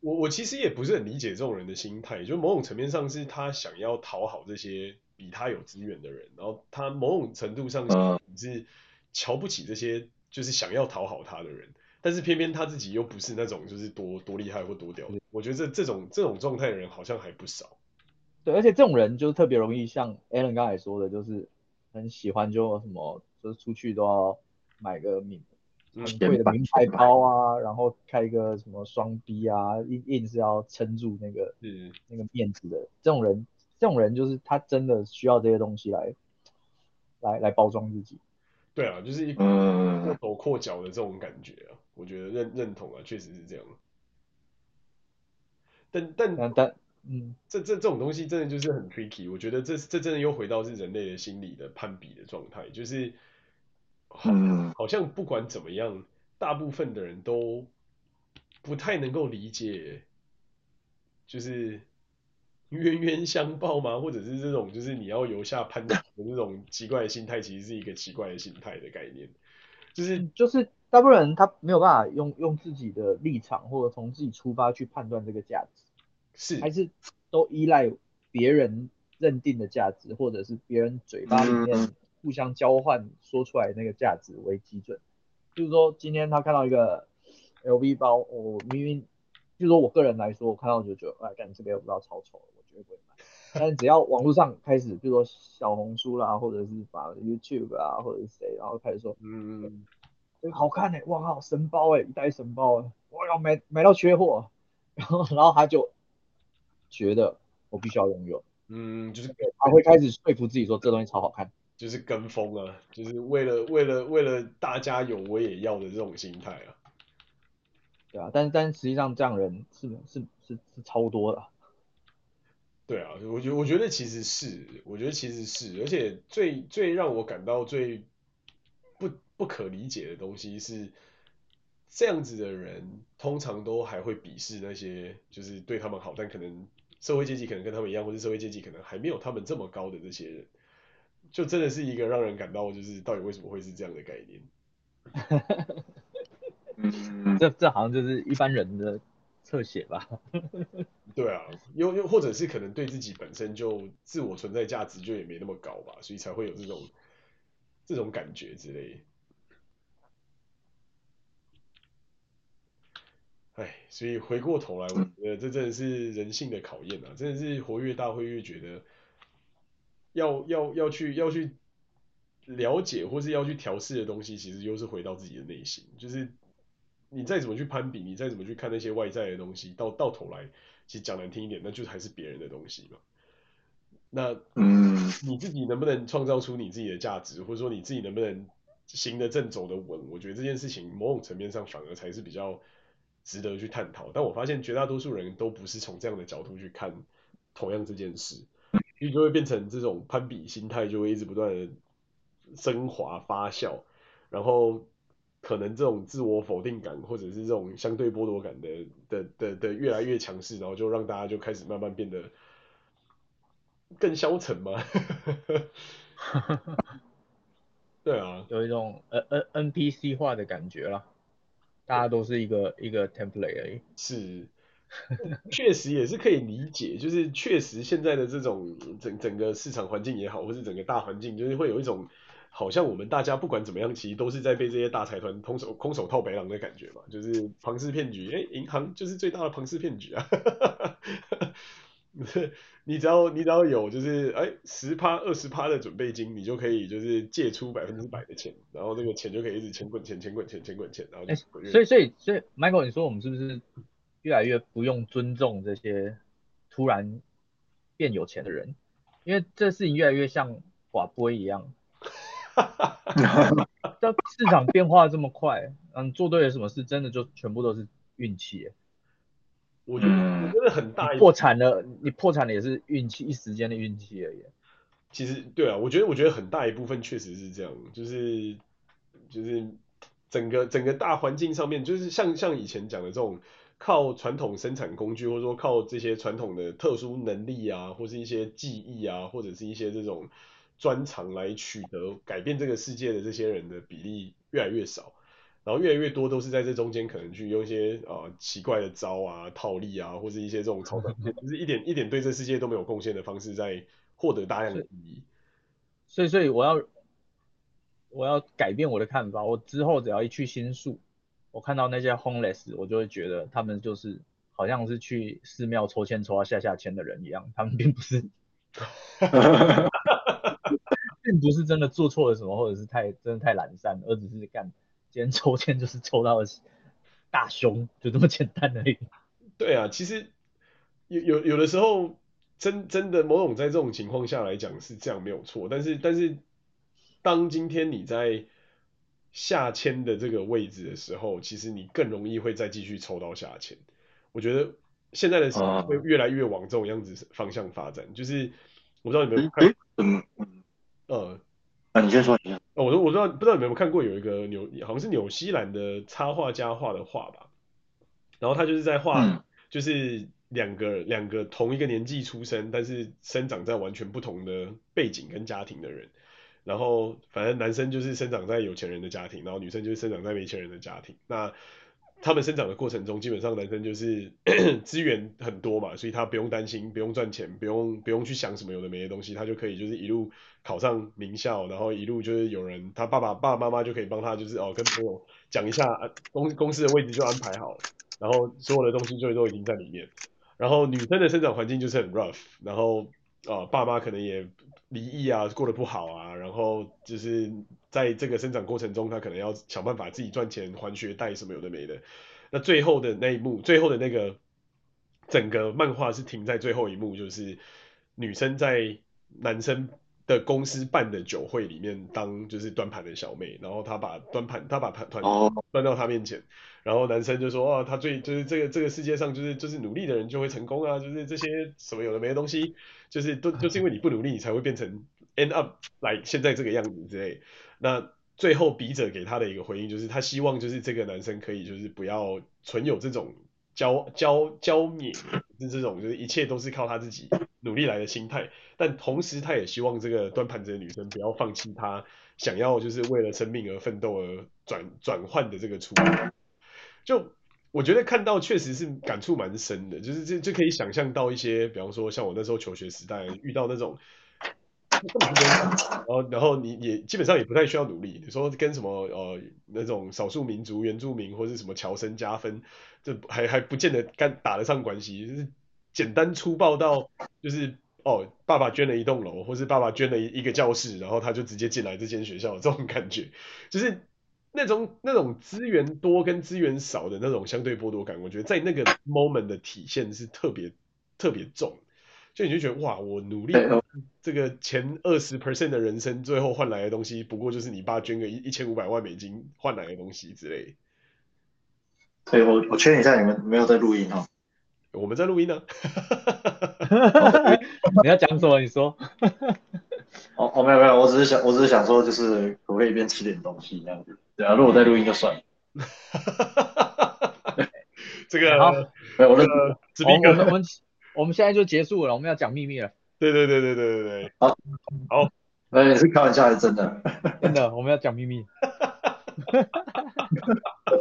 我我其實也不是很理解這種人的心態，就是某種層面上是他想要討好這些比他有資源的人，然後他某種程度上是瞧不起這些就是想要討好他的人，但是偏偏他自己又不是那種就是多多厲害或多屌，我覺得這種這種這種狀態的人好像還不少。對，而且這種人就是特別容易像 Alan 剛才說的，就是很喜歡就什麼，就是出去都要買個名。很、嗯、貴的名牌包啊，然後開一個什麼雙 B 啊，硬硬是要撐住那個、嗯、那個面子的。這種人，這種人就是他真的需要這些東西來來來包裝自己。對啊，就是一一個抖闊腳的這種感覺啊，我覺得認認同啊，確實是這樣。但但、嗯、但，嗯，這這這種東西真的就是很 tricky，我覺得這這真的又回到是人類的心理的攀比的狀態，就是。好，好像不管怎麼樣，大部分的人都不太能夠理解，就是冤冤相報嗎？或者是這種，就是你要由下判斷的那種奇怪的心態，其實是一個奇怪的心態的概念。就是就是大部分人他沒有辦法用用自己的立場或者從自己出發去判斷這個價值，是還是都依賴別人認定的價值，或者是別人嘴巴裡面。Mm-hmm. 互相交換說出來那個價值為基準，就是說今天他看到一個 LV 包，我、哦、明明就是說我個人來說，我看到就覺得哎感覺這邊也不知道超醜，我絕對不會買。但是只要網絡上開始，比如說小紅書啦，或者是把 YouTube 啊或者是誰，然後開始說，嗯，這、欸、個好看的、欸、哇，好神包哎、欸，一代神包哎、欸，我要買買到缺貨，然 [laughs] 後然後他就覺得我必須要擁有，嗯，就是他會開始說服自己說 [laughs] 這東西超好看。就是跟風啊，就是為了為了為了大家有我也要的這種心態啊，對啊，但但實際上這樣的人是是是是是超多的，對啊，我覺我覺得其實是，我覺得其實是，而且最最讓我感到最不不可理解的東西是，這樣子的人通常都還會鄙視那些就是對他們好但可能社會階級可能跟他們一樣，或者社會階級可能還沒有他們這麼高的這些人。就真的是一個讓人感到，就是到底為什麼會是這樣的概念？ [laughs] 這這好像就是一般人的側寫吧？ [laughs] 對啊，又又或者是可能對自己本身就自我存在價值就也沒那麼高吧，所以才會有這種這種感覺之類。哎，所以回過頭來，我覺得這真的是人性的考驗啊，嗯、真的是活越大會越覺得要要要去要去了解，或是要去調適的東西，其實就是回到自己的內心。就是你再怎麼去攀比，你再怎麼去看那些外在的東西，到到頭來，其實講難聽一點，那就還是別人的東西嘛。那你自己能不能創造出你自己的價值，或者說你自己能不能行得正、走得穩？我覺得這件事情某種層面上反而才是比較值得去探討。但我發現絕大多數人都不是從這樣的角度去看同樣這件事。你就會變成這種攀比心態，就會一直不斷的升華發酵，然後可能這種自我否定感，或者是這種相對剝奪感的的的的，的越來越強勢，然後就讓大家就開始慢慢變得更消沉嘛。 [laughs] [laughs] [laughs] [laughs] 對啊，有一種 N N P C 化的感覺了，大家都是一個、嗯、一個 template 而已。是。 [laughs] 確實也是可以理解，就是確實現在的這種整整個市場環境也好，或是整個大環境，就是會有一種好像我們大家不管怎麼樣，其實都是在被這些大財團空手空手套白狼的感覺嘛。就是龐氏騙局，哎，銀行就是最大的龐氏騙局啊。 [laughs] 你只要你只要有就是哎十趴二十趴的準備金，你就可以就是借出百分之百的錢，然後這個錢就可以一直錢滾錢錢滾錢錢滾錢，然後就所以所以所以，Michael，你說我們是不是？越來越不用尊重這些突然變有錢的人，因為這事情越來越像寡波一樣。哈 [laughs] [laughs] 但市場變化這麼快，嗯、啊，做對了什麼事真的就全部都是運氣。我覺得我覺得很大一部分。破產了，你破產了也是運氣，一時間的運氣而已。其實對啊，我覺得我覺得很大一部分確實是這樣，就是就是整個整個大環境上面，就是像像以前講的這種。靠傳統生產工具，或者說靠這些傳統的特殊能力啊，或是一些技藝啊，或者是一些這種專長來取得改變這個世界的這些人的比例越來越少，然後越來越多都是在這中間可能去用一些啊、呃、奇怪的招啊、套利啊，或是一些這種操作，就 [laughs] 是一點一點對這世界都沒有貢獻的方式在獲得大量的利益。所以，所以我要我要改變我的看法，我之後只要一去新數。我看到那些 homeless，我就會覺得他們就是好像是去寺廟抽籤抽到下下籤的人一樣，他們並不是 [laughs] [laughs] 並不是真的做錯了什麼，或者是太真的太懶散，而只是干今天抽籤就是抽到大凶，就這麼簡單而已。對啊，其實有有有的時候真真的某種在這種情況下來講是這樣沒有錯，但是但是當今天你在下籤的這個位置的時候，其實你更容易會再繼續抽到下籤。我覺得現在的時候會越來越往這種樣子方向發展。啊、就是我不知道你們，哎，呃，那、啊、你先說一下。我、哦、說，我不知道，不知道你們有沒有看過有一個紐，好像是紐西蘭的插畫家畫的畫吧？然後他就是在畫，嗯、就是兩個兩個同一個年紀出生，但是生長在完全不同的背景跟家庭的人。然後，反正男生就是生長在有錢人的家庭，然後女生就是生長在沒錢人的家庭。那他們生長的過程中，基本上男生就是資 [coughs] 源很多嘛，所以他不用擔心，不用賺錢，不用不用去想什麼有的沒的東西，他就可以就是一路考上名校，然後一路就是有人他爸爸爸爸媽媽就可以幫他就是哦跟朋友講一下公公司的位置就安排好了，然後所有的東西就都已經在裡面。然後女生的生長環境就是很 rough，然後，哦，爸媽可能也。離異啊，過得不好啊，然後就是在這個生長過程中，他可能要想辦法自己賺錢還學貸什麼有的沒的。那最後的那一幕，最後的那個整個漫畫是停在最後一幕，就是女生在男生的公司辦的酒會裡面當就是端盤的小妹，然後她把端盤她把盤盤端，端到他面前。然後男生就說：“哦、啊，他最就是這個這個世界上就是就是努力的人就會成功啊，就是這些什麼有的沒的東西，就是都就是因為你不努力，你才會變成 end up 來、like、現在這個樣子之類。”那最後筆者給他的一個回應就是，他希望就是這個男生可以就是不要存有這種驕驕驕民是這種就是一切都是靠他自己努力來的心態，但同時他也希望這個端盤子的女生不要放棄她想要就是為了生命而奮鬥而轉轉換的這個出路。就我覺得看到確實是感觸蠻深的，就是這就可以想象到一些，比方說像我那時候求學時代遇到那種，哦，然後你也基本上也不太需要努力。你說跟什麼呃那種少數民族原住民或是什麼僑生加分，這還還不見得干打得上關係，就是簡單粗暴到就是哦爸爸捐了一棟樓，或是爸爸捐了一一個教室，然後他就直接進來這間學校這種感覺，就是。那種那種資源多跟資源少的那種相對剝奪感，我覺得在那個 moment 的體現是特別特別重，所以你就覺得哇，我努力這個前二十 percent 的人生，最後換來的東西，不過就是你爸捐個一一千五百萬美金換來的東西之類。對，我我確認一下，你們沒有在錄音哈、啊？我們在錄音呢、啊。 [laughs] [laughs] 你要講什麼？你說。 [laughs] 哦哦，沒有沒有，我只是想我只是想說，就是可不可以一邊吃點東西這樣子。對啊，如果在錄音就算了。 [laughs] 這個沒有、呃、我錄、哦、我們我們現在就結束了，我們要講秘密了。對對對對對對對，對，好，好，也 [laughs] [laughs] 是開玩笑還是真的？ [laughs] 真的，我們要講秘密。哈哈哈哈哈！哈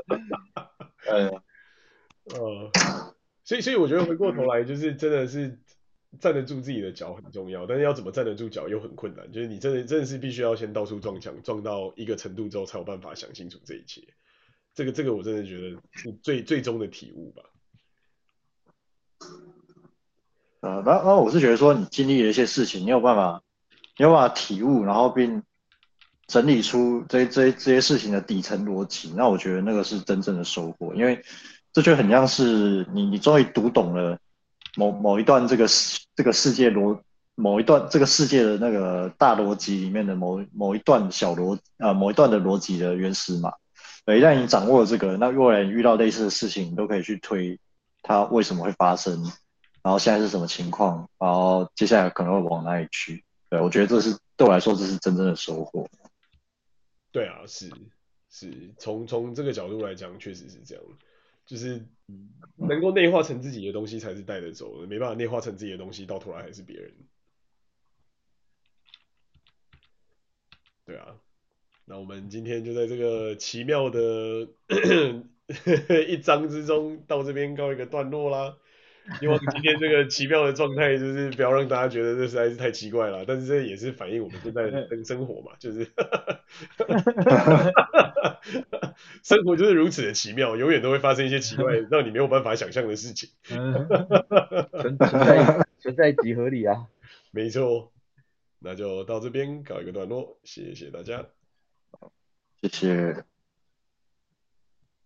哈哈哈哈！所以所以我覺得回過頭來就是真的是。站得住自己的腳很重要，但是要怎麼站得住腳又很困難。就是你真的真的是必須要先到處撞牆，撞到一個程度之後，才有辦法想清楚這一切。這個這個我真的覺得是最最終的體悟吧。啊、呃，然後我是覺得說，你經歷了一些事情，你有辦法，你有辦法體悟，然後並整理出這些這些這些事情的底層邏輯。那我覺得那個是真正的收穫，因為這就很像是你你終於讀懂了。某某一段這個這個世界邏，某一段這個世界的那個大邏輯裡面的某某一段小邏、呃，某一段的邏輯的原始碼，對，一旦你掌握了這個，那如果你遇到類似的事情，你都可以去推它為什麼會發生，然後現在是什麼情況，然後接下來可能會往哪裡去。對，我覺得這是對我來說，這是真正的收穫。對啊，是是，從從這個角度來講，確實是這樣。就是能夠內化成自己的東西才是帶得走的，沒辦法內化成自己的東西，到頭來還是別人。對啊，那我們今天就在這個奇妙的 [coughs] 一章之中，到這邊告一個段落啦。希望今天這個奇妙的狀態，就是不要讓大家覺得這實在是太奇怪了。但是這也是反映我們現在的生活嘛，就是 [laughs] [laughs] 生活就是如此的奇妙，永遠都會發生一些奇怪，讓你沒有辦法想象的事情。存、 [laughs] 嗯、在，存在即合理啊。沒錯，那就到這邊搞一個段落，謝謝大家，謝謝。